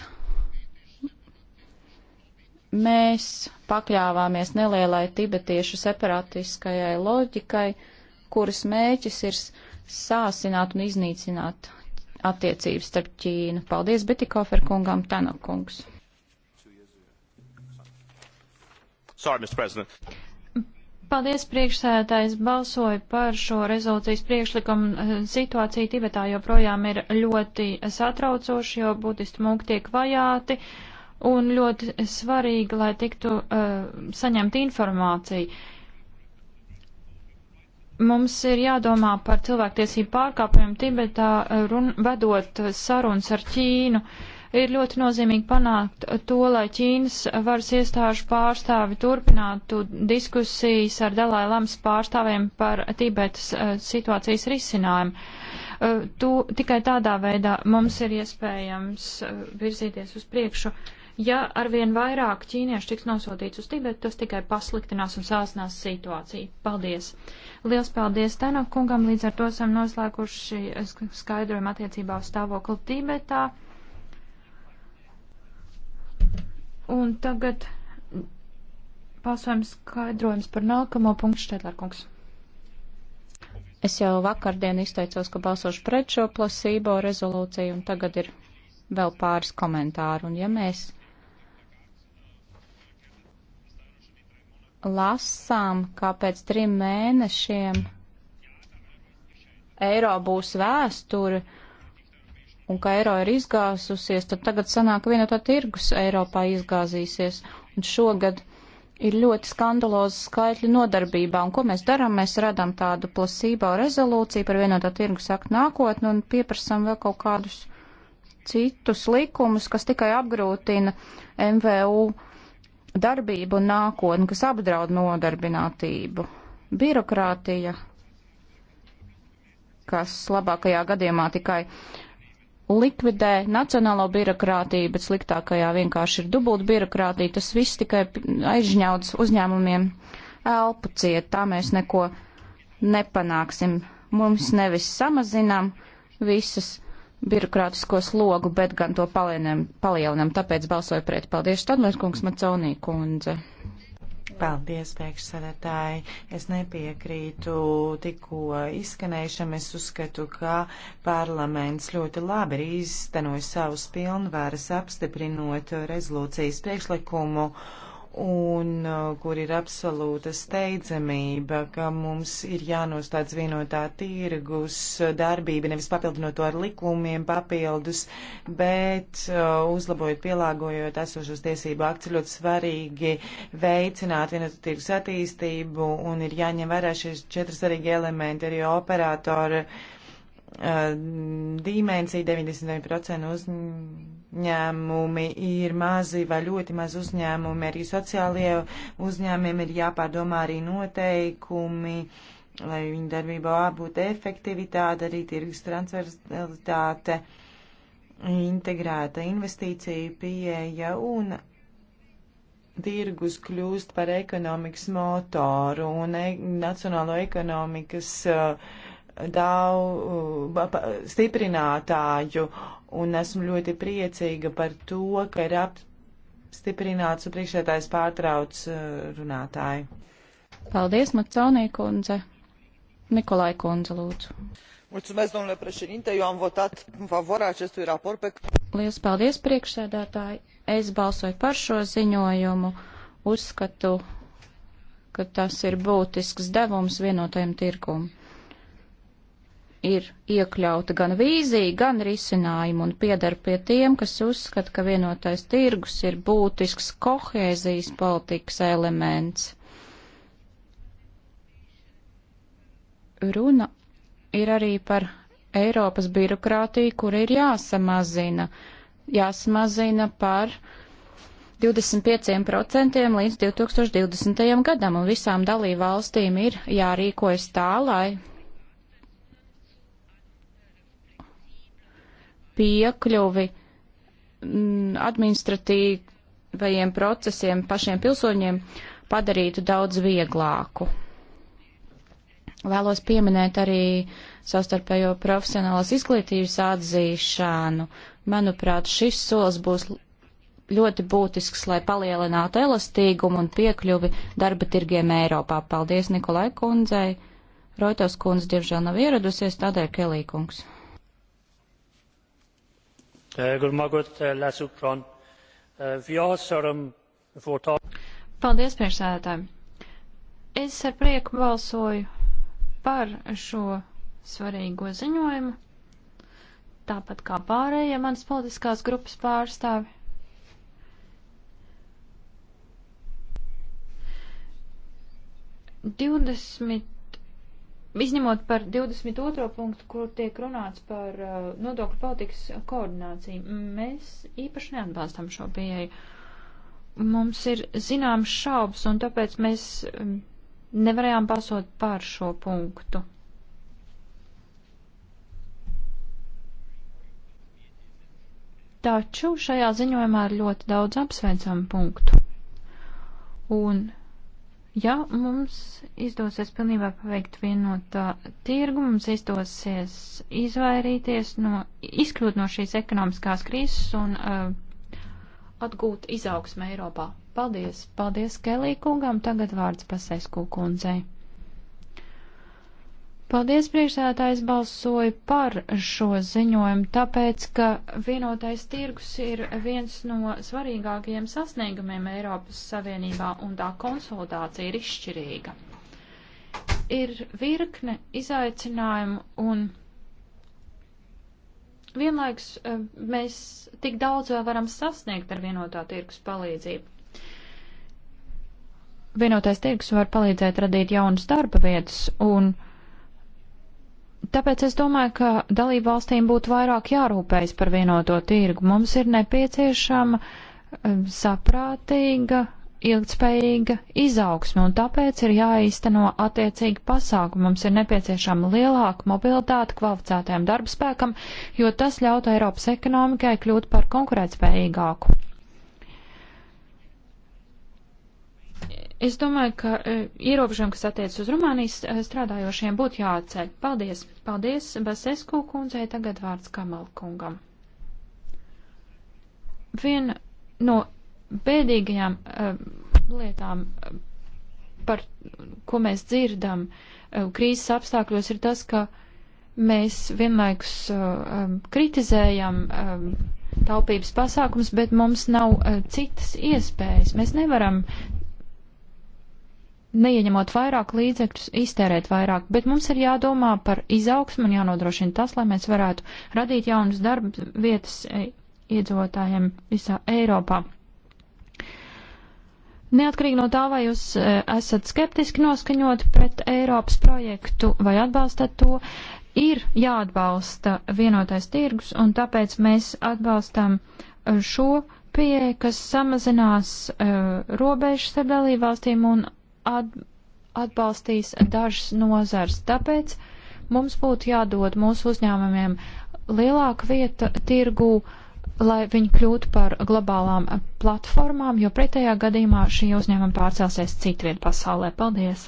Mēs pakļāvāmies nelielai tibetiešu separatiskajai loģikai, kuras mēķis ir sāsināt un iznīcināt attiecības starp Ķīnu. Paldies Betikofer kungam, Tanok kungs. Sorry, Mr. President. Paldies, priekšsēdētājs balsoja par šo rezolūcijas priekšlikumu. Situācija Tibetā joprojām ir ļoti satraucoša, jo būtiski mūki tiek vajāti un ļoti svarīgi, lai tiktu uh, eh, saņemta informācija. Uh, mums ir jādomā par cilvēktiesību pārkāpumiem Tibetā, eh, run, vedot sarunas ar Ķīnu. Ir ļoti nozīmīgi panākt to, lai Ķīnas varas iestāžu pārstāvi turpinātu diskusijas ar Dalai Lamas pārstāvjiem par Tibetas eh, situācijas risinājumu. Eh, tu, tikai tādā veidā mums ir iespējams virzīties uz priekšu. Ja arvien vairāk ķīniešu tiks nosūtīts uz Tibetu, tas tikai pasliktinās un sāsnās situāciju. Paldies! Liels paldies Tenok kungam, līdz ar to esam noslēguši skaidrojumu attiecībā uz stāvokli Tibetā. Un tagad pasvērums skaidrojums par nākamo punktu Štetlerkungs. Es jau vakardien izteicos, ka balsošu pret šo plasībo rezolūciju, un tagad ir vēl pāris komentāru. Un ja mēs lasām, ka pēc trim mēnešiem eiro būs vēsture un ka eiro ir izgāzusies, tad tagad sanāk vienotā tirgus Eiropā izgāzīsies. Un šogad ir ļoti skandalozi skaitļi nodarbībā. Un ko mēs darām? Mēs radām tādu plasībā rezolūciju par vienotā tirgus aktu nākotni un pieprasām vēl kaut kādus citus likumus, kas tikai apgrūtina MVU darbību un nākotni, kas apdraud nodarbinātību. Birokrātija, kas labākajā gadījumā tikai likvidē nacionālo birokrātiju, bet sliktākajā vienkārši ir dubult birokrātija, tas viss tikai aizņauts uzņēmumiem elpu ciet, tā mēs neko nepanāksim. Mums nevis samazinām visas birokrātisko slogu, bet gan to palielinam, palielinam tāpēc balsoju pret. Paldies, Stadlers kungs, Maconī kundze. Paldies, priekšsēdētāji. Es nepiekrītu tikko izskanējušam. Es uzskatu, ka parlaments ļoti labi ir izstenojis savus pilnvaras apstiprinot rezolūcijas priekšlikumu un uh, kur ir absolūta steidzamība, ka mums ir jānostāds vienotā tirgus darbība, nevis papildinot to ar likumiem papildus, bet uh, uzlabojot, pielāgojot esošos tiesību akts, ļoti svarīgi veicināt vienotā tirgus attīstību un ir jāņem vērā šie četri svarīgi elementi arī operātoru uh, dimensija 99% uz uzņēmumi ir mazi vai ļoti mazi uzņēmumi, arī sociālie uzņēmumi ir jāpārdomā arī noteikumi, lai viņu darbībā būtu efektivitāte, arī tirgus transversalitāte, integrēta investīcija pieeja un tirgus kļūst par ekonomikas motoru un e nacionālo ekonomikas uh, daudz uh, stiprinātāju un esmu ļoti priecīga par to, ka ir apstiprināts un priekšētājs pārtrauc uh, runātāju. Paldies, Macaunī kundze. Nikolai kundze, lūdzu. Mulțumesc, domnule președinte, eu am votat în favoarea acestui raport pe... Lielas paldies, priekšsēdētāji. Es balsoju par šo ziņojumu. Uzskatu, ka tas ir būtisks devums vienotajam tirkumam ir iekļauta gan vīzija, gan risinājumi un piedar pie tiem, kas uzskata, ka vienotais tirgus ir būtisks kohēzijas politikas elements. Runa ir arī par Eiropas birokrātiju, kura ir jāsamazina, jāsamazina par 25% līdz 2020. gadam, un visām dalībvalstīm ir jārīkojas tā, lai piekļuvi mm, administratīvajiem procesiem pašiem pilsoņiem padarītu daudz vieglāku. Vēlos pieminēt arī savstarpējo profesionālas izglītības atzīšanu. Manuprāt, šis solis būs ļoti būtisks, lai palielinātu elastīgumu un piekļuvi darba tirgiem Eiropā. Paldies Nikolai kundzei. Roitos kundze diemžēl nav ieradusies, tādēļ Kelī kungs. Eh, eh, eh, um, Paldies, priekšsēdētāji! Es ar prieku balsoju par šo svarīgo ziņojumu, tāpat kā pārējie manas politiskās grupas pārstāvi. Divdesmit izņemot par 22. punktu, kur tiek runāts par uh, nodokļu politikas koordināciju, mēs īpaši neatbalstam šo pieeju. Mums ir zināms šaubas, un tāpēc mēs um, nevarējām balsot par šo punktu. Taču šajā ziņojumā ir ļoti daudz apsveicamu punktu. Un Ja mums izdosies pilnībā paveikt vienotā tirgu, mums izdosies izvairīties no, izkļūt no šīs ekonomiskās krīzes un uh, atgūt izaugsmē Eiropā. Paldies, paldies Kelī kungam, tagad vārds pasēs kūkundzei. Paldies, priekšsēdētājs balsoja par šo ziņojumu, tāpēc, ka vienotais tirgus ir viens no svarīgākajiem sasniegumiem Eiropas Savienībā, un tā konsolidācija ir izšķirīga. Ir virkne izaicinājumu, un vienlaiks eh, mēs tik daudz vēl varam sasniegt ar vienotā tirgus palīdzību. Vienotais tirgus var palīdzēt radīt jaunas darba vietas, un Tāpēc es domāju, ka dalību valstīm būtu vairāk jārūpējas par vienoto tirgu. Mums ir nepieciešama um, saprātīga, ilgtspējīga izaugsme, un tāpēc ir jāīsteno attiecīgi pasākumi. Mums ir nepieciešama lielāka mobilitāte kvalificētajam darbspēkam, jo tas ļautu Eiropas ekonomikai kļūt par konkurētspējīgāku. Es domāju, ka e, ierobežojumi, kas attiec uz Rumānijas e, strādājošiem, būtu jāatceļ. Paldies! Paldies Basesku kundzei, tagad vārds Kamal kungam. Viena no bēdīgajām uh, lietām, par ko mēs dzirdam uh, krīzes apstākļos, ir tas, ka mēs vienlaikus uh, kritizējam taupības pasākums, bet mums nav citas iespējas. Mēs nevaram neieņemot vairāk līdzekļus, iztērēt vairāk, bet mums ir jādomā par izaugsmu un jānodrošina tas, lai mēs varētu radīt jaunas darba vietas e, iedzīvotājiem visā Eiropā. Neatkarīgi no tā, vai jūs e, esat skeptiski noskaņoti pret Eiropas projektu vai atbalstat to, ir jāatbalsta vienotais tirgus, un tāpēc mēs atbalstam e, šo pieeja, kas samazinās uh, robežas ar dalībvalstīm un atbalstīs dažas nozars. Tāpēc mums būtu jādod mūsu uzņēmumiem lielāka vieta tirgū, lai viņi kļūtu par globālām platformām, jo pretējā gadījumā šī uzņēmuma pārcelsies citviet pasaulē. Paldies!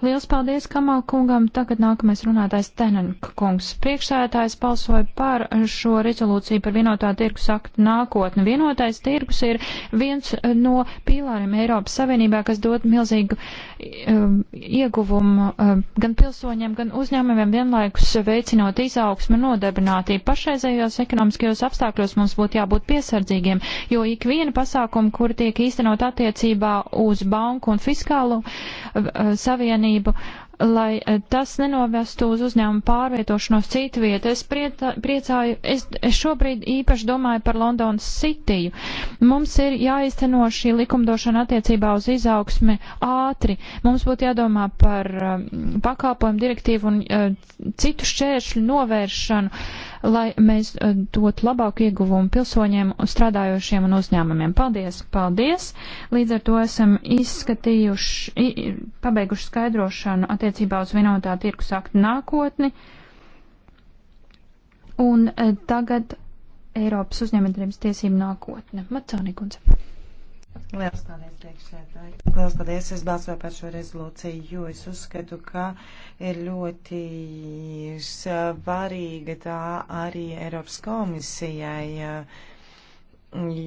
Liels paldies Kamal kungam. Tagad nākamais runātājs Tenenka kungs. Priekšsētājs balsoja par šo rezolūciju par vienotā tirgus aktu nākotni. Vienotais tirgus ir viens no pīlāriem Eiropas Savienībā, kas dod milzīgu um, ieguvumu um, gan pilsoņiem, gan uzņēmumiem vienlaikus veicinot izaugsmu un nodarbinātību. Pašreizējos ekonomiskajos apstākļos mums būtu jābūt piesardzīgiem, jo ik viena pasākuma, kur tiek īstenot attiecībā uz banku un fiskālu uh, Savienību, lai eh, tas nenovestu uz uzņēmumu pārvietošanos citu vietu. Es prieta, priecāju, es, es šobrīd īpaši domāju par Londonas Cityju. Mums ir jāizteno šī likumdošana attiecībā uz izaugsmi ātri. Mums būtu jādomā par um, pakalpojumu direktīvu un uh, citu šķēršļu novēršanu. Uh, lai mēs eh, dot labāku ieguvumu pilsoņiem, strādājošiem un uzņēmumiem. Paldies, paldies! Līdz ar to esam izskatījuši, pabeiguši skaidrošanu attiecībā uz vienotā tirkus aktu nākotni. Un eh, tagad Eiropas uzņēmējdarbības tiesību nākotne. Macānikundze. Lielas paldies, priekšsēdētāji. Lielas paldies, es balsoju par šo rezolūciju, jo es uzskatu, ka ir ļoti svarīga tā arī Eiropas komisijai,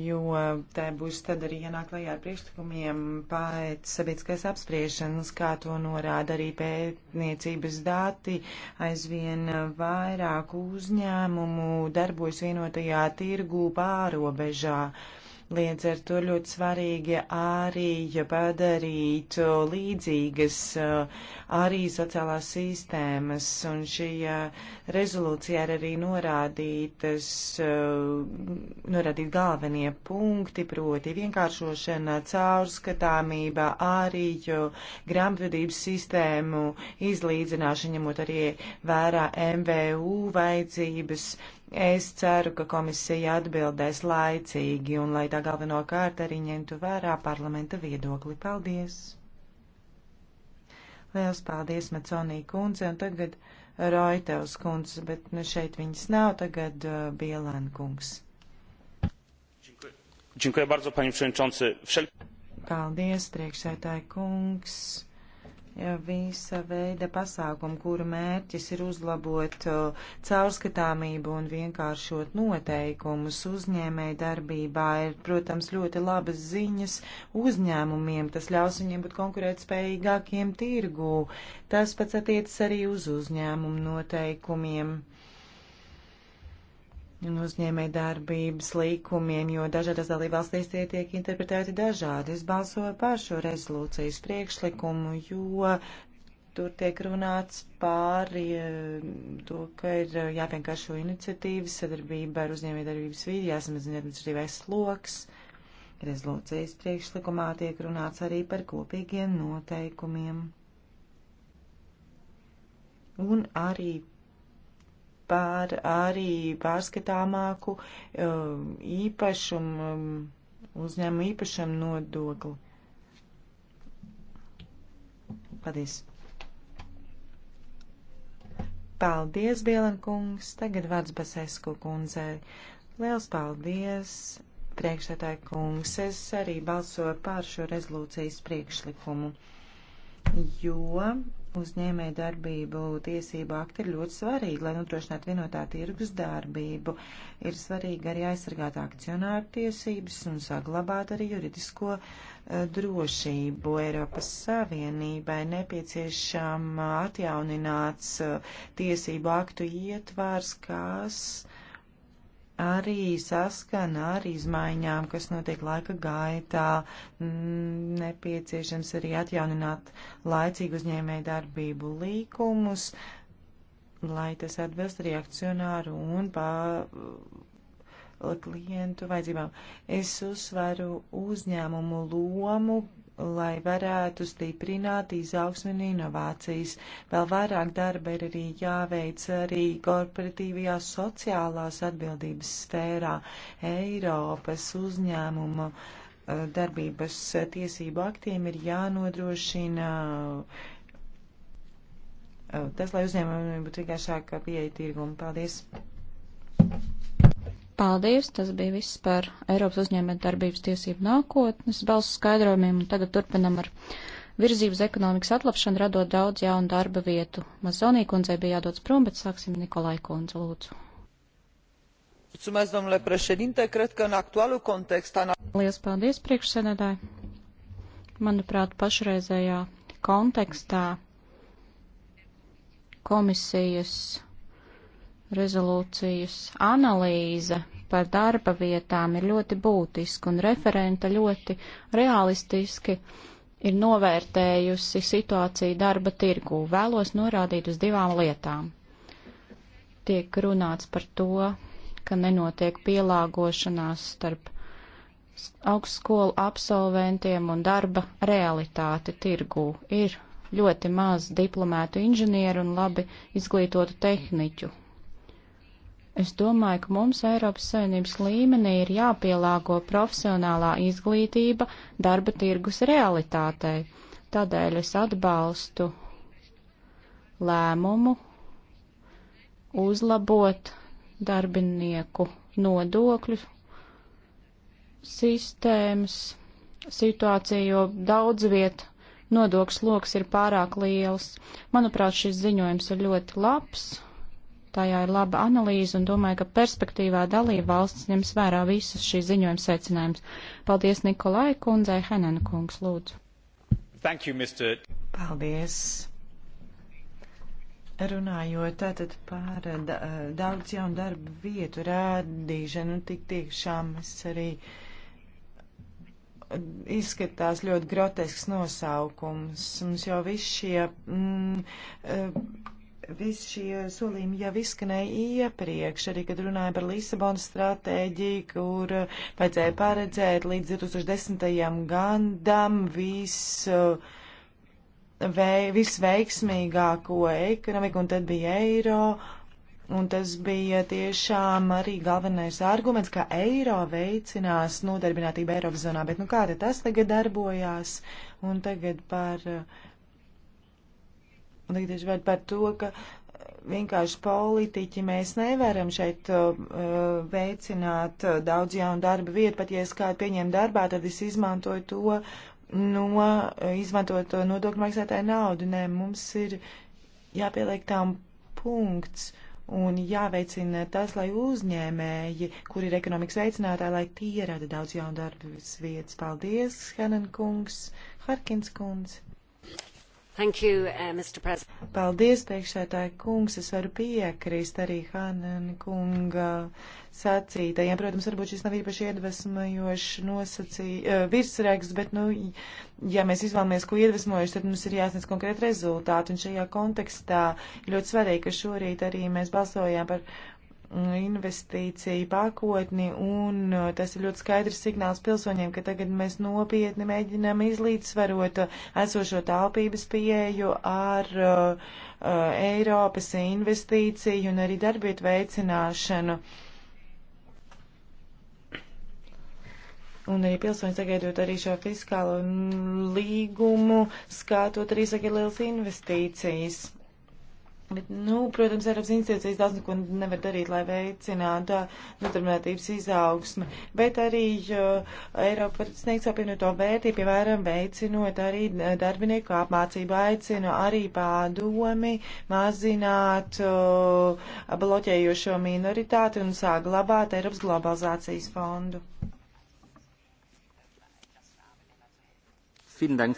jo tā būs tad arī ienāk lajā ar priekšlikumiem pēc sabiedriskais apspriešanas, kā to norāda arī pētniecības dati. Aizvien vairāk uzņēmumu darbojas vienotajā tirgū pārobežā. Uh, Līdz ar to ļoti svarīgi arī ja padarīt uh, līdzīgas uh, arī sociālās sistēmas, un šajā rezolūcijā ir arī norādītas, uh, norādīt galvenie punkti, proti vienkāršošana, caurskatāmība, arī grāmatvedības sistēmu izlīdzināšana, ņemot arī vērā MVU vajadzības. Es ceru, ka komisija atbildēs laicīgi un lai tā galvenokārt arī ņemtu vērā parlamenta viedokli. Paldies! Liels paldies, Maconī kundze, un tagad Roitevs kundze, bet nu, šeit viņas nav, tagad uh, Bielēn kungs. Dziękuję bardzo, panie przewodniczący. Wszel... Paldies, priekšsētāji kungs visa veida pasākumu, kuru mērķis ir uzlabot caurskatāmību un vienkāršot noteikumus uzņēmēji darbībā, ir, protams, ļoti labas ziņas uzņēmumiem. Tas ļaus viņiem būt konkurētspējīgākiem tirgū. Tas pats attiecas arī uz uzņēmumu noteikumiem uzņēmē darbības līkumiem, jo dažādās dalībvalstīs tie tiek interpretēti dažādi. Es balsoju par šo rezolūcijas priekšlikumu, jo tur tiek runāts par eh, to, ka ir eh, jāpienkāršo iniciatīvas sadarbība ar uzņēmē darbības vīdi, jāsamazina administratīvais sloks. Rezolūcijas priekšlikumā tiek runāts arī par kopīgiem noteikumiem un arī par arī pārskatāmāku um, īpašumu, um, uzņēmumu īpašumu nodokli. Paldies! Paldies, Bielankungs! Tagad vārds Basesku kundzei. Liels paldies, priekšsētāja kungs! Es arī balsoju pār šo rezolūcijas priekšlikumu, jo Uzņēmē darbību tiesību akti ir ļoti svarīgi, lai nodrošinātu vienotā tirgus darbību. Ir svarīgi arī aizsargāt akcionāru tiesības un saglabāt arī juridisko e, drošību. Eiropas Savienībai nepieciešama atjaunināts e, tiesību aktu ietvārs, kas arī saskana ar izmaiņām, kas notiek laika gaitā. Nepieciešams arī atjaunināt laicīgu uzņēmēju darbību līkumus, lai tas atbilst arī akcionāru un pa klientu vajadzībām. Es uzsveru uzņēmumu lomu lai varētu stiprināt izaugsmu un inovācijas. Vēl vairāk darba ir arī jāveic arī korporatīvajās sociālās atbildības sfērā Eiropas uzņēmumu eh, darbības tiesību aktiem ir jānodrošina eh, tas, lai uzņēmumiem būtu vienkāršāk pieeja tirgumu. Paldies! Paldies, tas bija viss par Eiropas uzņēmējdarbības tiesību nākotnes balsu skaidrojumiem, un tagad turpinam ar virzības ekonomikas atlapšanu, radot daudz jaunu darba vietu. Mazonī kundzei bija jādodas prom, bet sāksim Nikolai kundze, lūdzu. Mulțumesc, domnule președinte. Cred că în actualul context... Lielas paldies, priekšsēdētāji. Manuprāt, pašreizējā kontekstā komisijas rezolūcijas analīze par darba vietām ir ļoti būtiska un referenta ļoti realistiski ir novērtējusi situāciju darba tirgū. Vēlos norādīt uz divām lietām. Tiek runāts par to, ka nenotiek pielāgošanās starp augstskolu absolventiem un darba realitāti tirgū. Ir ļoti maz diplomētu inženieru un labi izglītotu tehniķu Es domāju, ka mums Eiropas Savienības līmenī ir jāpielāgo profesionālā izglītība darba tirgus realitātei. Tādēļ es atbalstu lēmumu uzlabot darbinieku nodokļu sistēmas situāciju, jo daudz viet nodokļu sloks ir pārāk liels. Manuprāt, šis ziņojums ir ļoti labs tajā ir laba analīze un domāju, ka perspektīvā dalība valsts ņems vērā visus šī ziņojuma secinājumus. Paldies Nikolai kundzei Henena kungs, lūdzu. Thank you, Mr. Paldies. Runājot tātad par uh, da, uh, daudz jaunu darbu vietu rādīšanu, tik tiešām es arī uh, izskatās ļoti grotesks nosaukums. Mums jau viss šie. Mm, uh, visi šie solījumi jau izskanēja iepriekš, arī kad runāja par Lisabonas stratēģiju, kur vajadzēja paredzēt līdz 2010. gadam visu. Vei, visveiksmīgāko ekonomiku, un tad bija eiro, un tas bija tiešām arī galvenais arguments, ka eiro veicinās nodarbinātību Eiropas zonā, bet nu kā tad tas tagad darbojās, un tagad par uh, Un tagad es vēl par to, ka eh, vienkārši politiķi mēs nevaram šeit uh, veicināt eh, daudz jaunu darba vietu, pat ja es kādu pieņemu darbā, tad es izmantoju to no, izmantoju to nodokļu maksātāju naudu. Nē, mums ir jāpieliek tām punkts un jāveicina tas, lai uzņēmēji, kur ir ekonomikas veicinātāji, lai tie rada daudz jaunu darba vietas. Paldies, Hanan kungs, Harkins kungs. You, uh, Paldies, priekšsētāji kungs. Es varu piekrist arī Hanan kunga sacītajiem. Protams, varbūt šis nav īpaši iedvesmojošs nosacījums, uh, virsraksts, bet, nu, ja mēs izvēlamies, ko iedvesmojuši, tad mums ir jāsniedz konkrēti rezultāti. Un šajā kontekstā ļoti svarīgi, ka šorīt arī mēs balsojām par investīciju pakotni, un uh, tas ir ļoti skaidrs signāls pilsoņiem, ka tagad mēs nopietni mēģinām izlīdzsvarot esošo tālpības pieeju ar uh, uh, Eiropas investīciju un arī darbietu veicināšanu. Un arī pilsoņi sagaidot arī šo fiskālo līgumu, skatot arī sagaidot lielas investīcijas. Bet, nu, protams, Eiropas institūcijas daudz neko nevar darīt, lai veicinātu uh, nodarbinātības izaugsmi, bet arī uh, Eiropa sniegt sapienoto vērtību, piemēram, veicinot arī uh, darbinieku apmācību, aicinu arī pārdomi mazināt uh, bloķējošo minoritāti un saglabāt Eiropas globalizācijas fondu. Dank,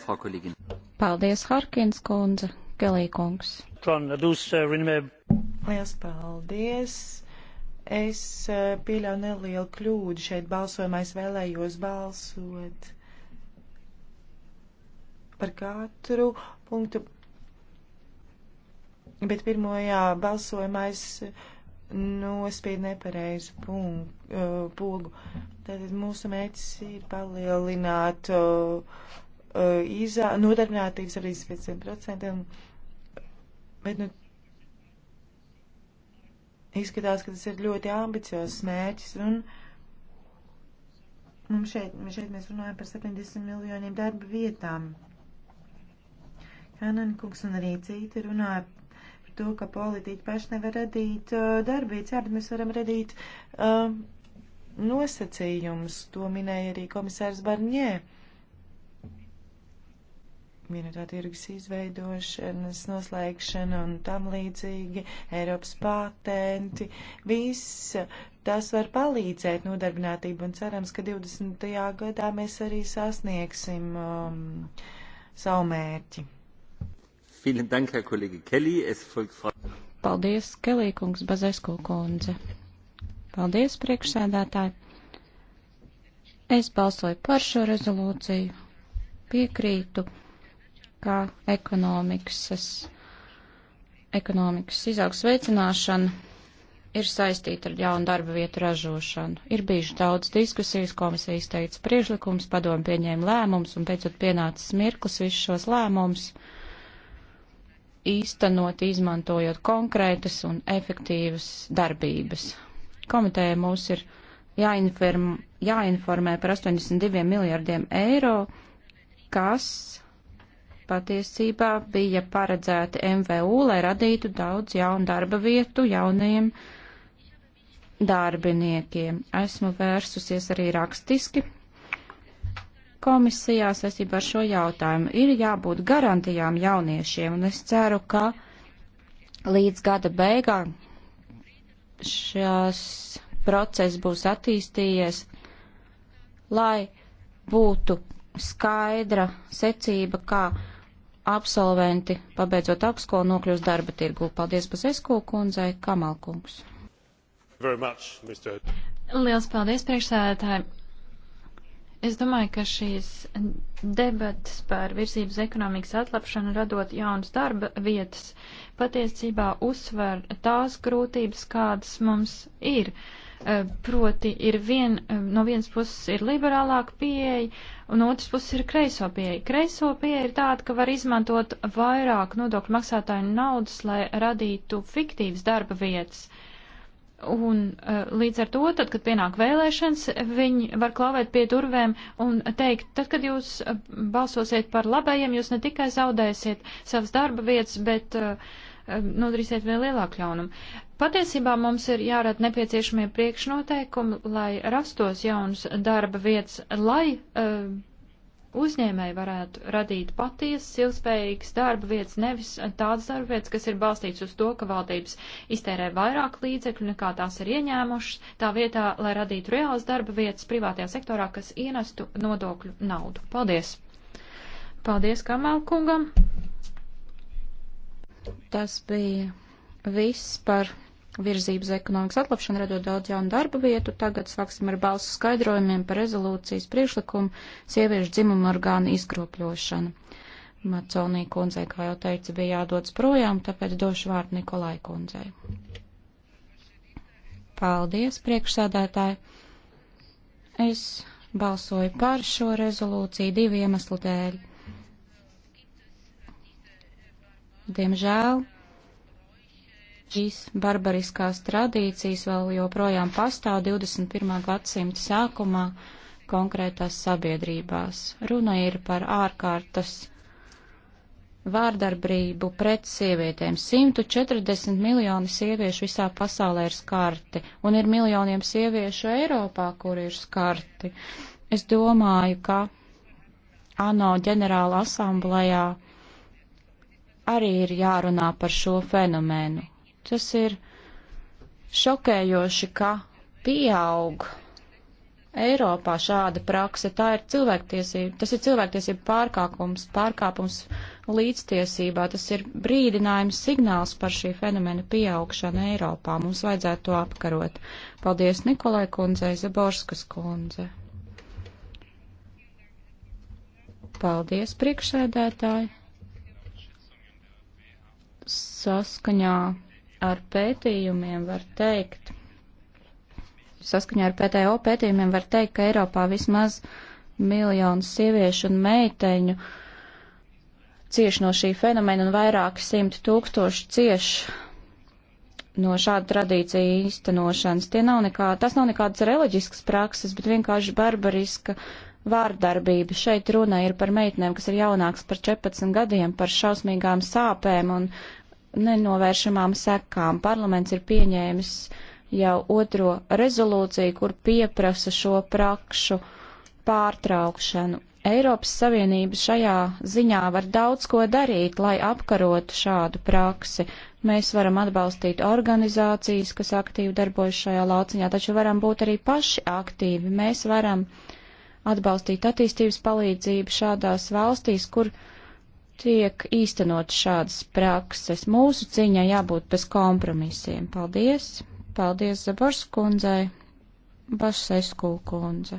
Paldies, Harkins kundze. Kelīkungs. Eh, Lielas paldies! Es eh, pieļauju nelielu kļūdu šeit balsojumā. Es vēlējos balsot par katru punktu, bet pirmajā balsojumā es nospiedu nepareizu punktu, uh, eh, pogu. Tātad mūsu mērķis ir palielināt uh, izā, nodarbinātības ar 25%. Bet, nu, izskatās, ka tas ir ļoti ambiciozs mērķis, un, un šeit, šeit mēs runājam par 70 miljoniem darba vietām. Kanankungs un arī citi runāja par to, ka politiķi paši nevar radīt uh, darbības, jā, bet mēs varam radīt uh, nosacījumus, to minēja arī komisārs Barņē. Uh, vienotā tirgus izveidošanas, noslēgšana un tam līdzīgi, Eiropas patenti, viss tas var palīdzēt nodarbinātību un cerams, ka 20. gadā mēs arī sasniegsim um, savu mērķi. Paldies, Kelī kungs, Bazesko kundze. Paldies, priekšsēdētāji. Es balsoju par šo rezolūciju, piekrītu kā ekonomikas, ekonomikas izaugs veicināšana ir saistīta ar jaunu darba vietu ražošanu. Ir bijuši daudz diskusijas, komisija izteica priešlikums, padomu pieņēma lēmums un beidzot pienācis mirklis visus šos lēmumus īstenot, izmantojot konkrētas un efektīvas darbības. Komiteja mūs ir jāinform, jāinformē par 82 miljardiem eiro, kas patiesībā bija paredzēti MVU, lai radītu daudz jaunu darba vietu jaunajiem darbiniekiem. Esmu vērsusies arī rakstiski komisijā saistībā ar šo jautājumu. Ir jābūt garantijām jauniešiem, un es ceru, ka līdz gada beigām šās process būs attīstījies, lai būtu skaidra secība, kā absolventi, pabeidzot augstskolu, nokļūst darba tirgu. Paldies Bazesko kundzei, Kamalkungs. Much, Mr. Liels paldies, priekšsēdētāji. Es domāju, ka šīs debatas par virzības ekonomikas atlapšanu radot jaunas darba vietas patiesībā uzsver tās grūtības, kādas mums ir. Uh, Eh, proti ir vien, eh, no vienas puses ir liberālāka pieeja, un no otras puses ir kreiso pieeja. Kreiso pieeja ir tāda, ka var izmantot vairāk nodokļu maksātāju naudas, lai radītu fiktīvas darba vietas. Un eh, līdz ar to, tad, kad pienāk vēlēšanas, viņi var klauvēt pie durvēm un teikt, tad, kad jūs balsosiet par labējiem, jūs ne tikai zaudēsiet savas darba vietas, bet uh, nodarīsiet vēl lielāku ļaunumu. Patiesībā mums ir jārada nepieciešamie priekšnoteikumi, lai rastos jaunas darba vietas, lai uh, uzņēmēji varētu radīt patiesas, ilgspējīgas darba vietas, nevis tādas darba vietas, kas ir balstīts uz to, ka valdības iztērē vairāk līdzekļu, nekā tās ir ieņēmušas, tā vietā, lai radītu reāls darba vietas privātajā sektorā, kas ienestu nodokļu naudu. Paldies! Paldies Kamalkungam! Tas bija viss par virzību uz ekonomikas atlapšanu, radot daudz jaunu darba vietu. Tagad sāksim ar balsu skaidrojumiem par rezolūcijas priekšlikumu sieviešu dzimumu orgānu izkropļošanu. Maconī kundzei, kā jau teica, bija jādodas projām, tāpēc došu vārdu Nikolai kundzei. Paldies, priekšsādātāji! Es balsoju par šo rezolūciju divu iemeslu dēļ. Diemžēl šīs barbariskās tradīcijas vēl joprojām pastāv 21. gadsimta sākumā konkrētās sabiedrībās. Runa ir par ārkārtas vārdarbrību pret sievietēm. 140 miljoni sieviešu visā pasaulē ir skarti, un ir miljoniem sieviešu Eiropā, kur ir skarti. Es domāju, ka ANO ģenerāla asamblējā arī ir jārunā par šo fenomenu. Tas ir šokējoši, ka pieaug Eiropā šāda prakse. Tā ir cilvēktiesība, tas ir cilvēktiesība pārkāpums, pārkāpums līdztiesībā. Tas ir brīdinājums signāls par šī fenomena pieaugšanu Eiropā. Mums vajadzētu to apkarot. Paldies Nikolai kundzei, Zaborskas kundzei. Paldies, priekšsēdētāji! Saskaņā ar pētījumiem var teikt, saskaņā ar PTO pētījumiem var teikt, ka Eiropā vismaz miljonu sieviešu un meiteņu cieši no šī fenomena un vairāki simti tūkstoši cieši no šāda tradīcija īstenošanas. Tie nav nekā, tas nav nekādas reliģiskas prakses, bet vienkārši barbariska vārdarbība. Šeit runa ir par meitenēm, kas ir jaunāks par 14 gadiem, par šausmīgām sāpēm un nenovēršamām sekām. Parlaments ir pieņēmis jau otro rezolūciju, kur pieprasa šo prakšu pārtraukšanu. Eiropas Savienība šajā ziņā var daudz ko darīt, lai apkarotu šādu praksi. Mēs varam atbalstīt organizācijas, kas aktīvi darbojas šajā lauciņā, taču varam būt arī paši aktīvi. Mēs varam atbalstīt attīstības palīdzību šādās valstīs, kur uh, tiek īstenot šādas prakses. Mūsu ciņā jābūt bez kompromisiem. Paldies! Paldies Zabors kundzei, Bašsaiskū kundze.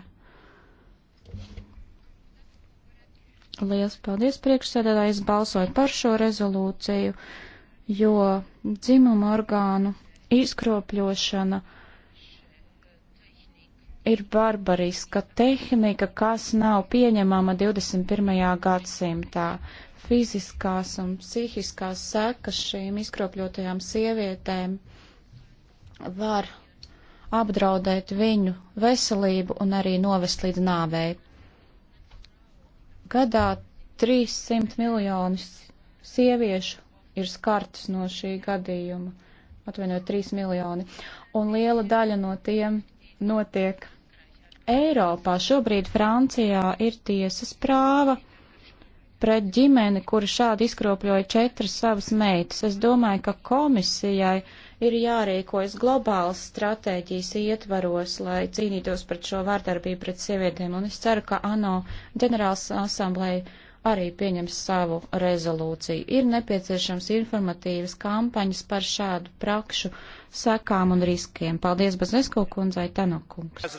Liels paldies priekšsēdētājs balsot par šo rezolūciju, jo dzimuma orgānu izkropļošana ir barbariska tehnika, kas nav pieņemama 21. gadsimtā fiziskās un psihiskās sekas šīm izkropļotajām sievietēm var apdraudēt viņu veselību un arī novest līdz nāvei. Gadā 300 miljonus sieviešu ir skartas no šī gadījuma, atvainojot 3 miljoni, un liela daļa no tiem notiek Eiropā. Šobrīd Francijā ir tiesas prāva pret ģimeni, kuri šādi izkropļoja četras savas meitas. Es domāju, ka komisijai ir jārīkojas globālas stratēģijas ietvaros, lai cīnītos pret šo vārdarbību pret sievietēm, un es ceru, ka ANO ģenerāls asamblēja arī pieņems savu rezolūciju. Ir nepieciešams informatīvas kampaņas par šādu prakšu sekām un riskiem. Paldies Bazesko kundzai Tanokungs.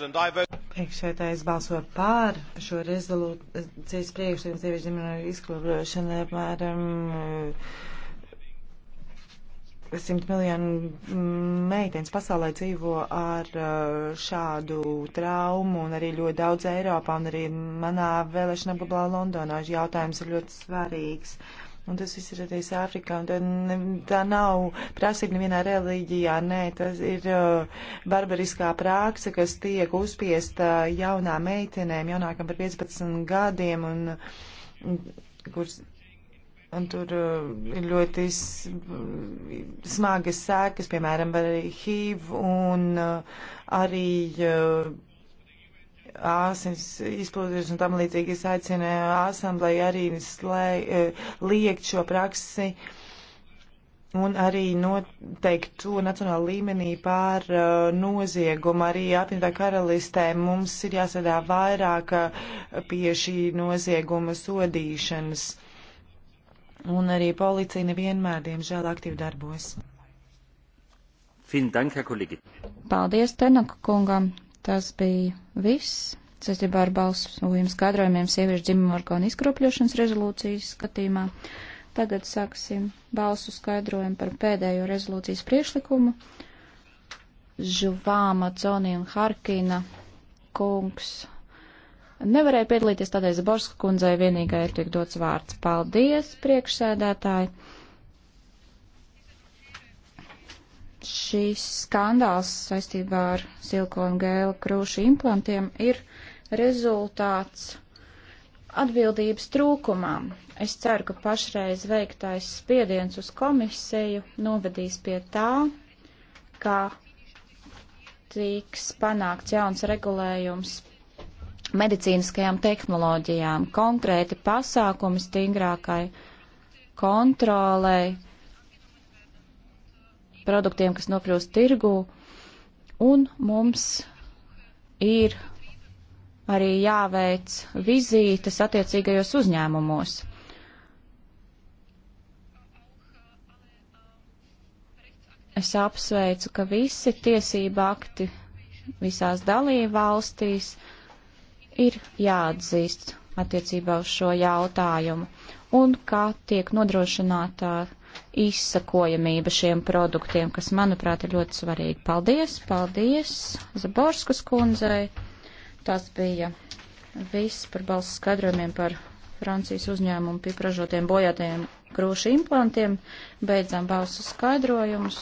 Priekšētājs balso pār šo rezolūcijas priekšlikumu sieviešu ģimeņu izkropļošanu, apmēram. Um, 100 miljonu meitenes pasaulē dzīvo ar uh, šādu traumu un arī ļoti daudz Eiropā un arī manā vēlēšana apgabalā Londonā šis jautājums ir ļoti svarīgs. Un tas viss ir arī Āfrikā. Tā, tā nav prasība nevienā reliģijā. Nē, tas ir uh, barbariskā prāksa, kas tiek uzspiesta jaunām meitenēm, jaunākam par 15 gadiem, un, un kuras Un tur uh, ir ļoti uh, smagas sēkas, piemēram, arī HIV un uh, arī āsins izplūdes un tam līdzīgi. Es aicinu asamblēju arī slē, liekt šo praksi un arī noteikt to nacionālu līmenī pār noziegumu. Arī apvienotā karalistē mums ir jāsadā vairāk pie šī nozieguma sodīšanas. Un arī policija nevienmēr, diemžēl, aktīvi darbojas. Paldies Tenaku kungam. Tas bija viss. Sestībā ar balsojumu skaidrojumiem sieviešu dzimumu orgānu izkropļošanas rezolūcijas skatījumā. Tagad sāksim balsu skaidrojumu par pēdējo rezolūcijas priešlikumu. Žuvāma, Dzonija un Harkina kungs nevarēja piedalīties, tādēļ Zaborska kundzei vienīgai ir tiek dots vārds. Paldies, priekšsēdētāji! Šis skandāls saistībā ar silikonu gēlu krūšu implantiem ir rezultāts atbildības trūkumam. Es ceru, ka pašreiz veiktais spiediens uz komisiju novedīs pie tā, ka tiks panākts jauns regulējums medicīniskajām tehnoloģijām, konkrēti pasākumi stingrākai kontrolei produktiem, kas nokļūst tirgū, un mums ir arī jāveic vizītes attiecīgajos uzņēmumos. Es apsveicu, ka visi tiesība akti visās dalība valstīs uh, ir jāatzīst attiecībā uz šo jautājumu un kā tiek nodrošinātā izsakojamība šiem produktiem, kas, manuprāt, ir ļoti svarīgi. Paldies, paldies Zaborskas kundzei. Tas bija viss par balss skaidrojumiem par Francijas uzņēmumu pipražotiem bojātajiem krūšu implantiem. Beidzām balsu skaidrojumus.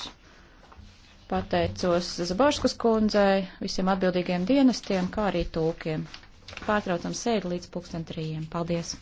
Pateicos Zaborskas kundzei, visiem atbildīgiem dienestiem, kā arī tūkiem. Pārtraucam sēdi līdz pulksten trījiem. Paldies!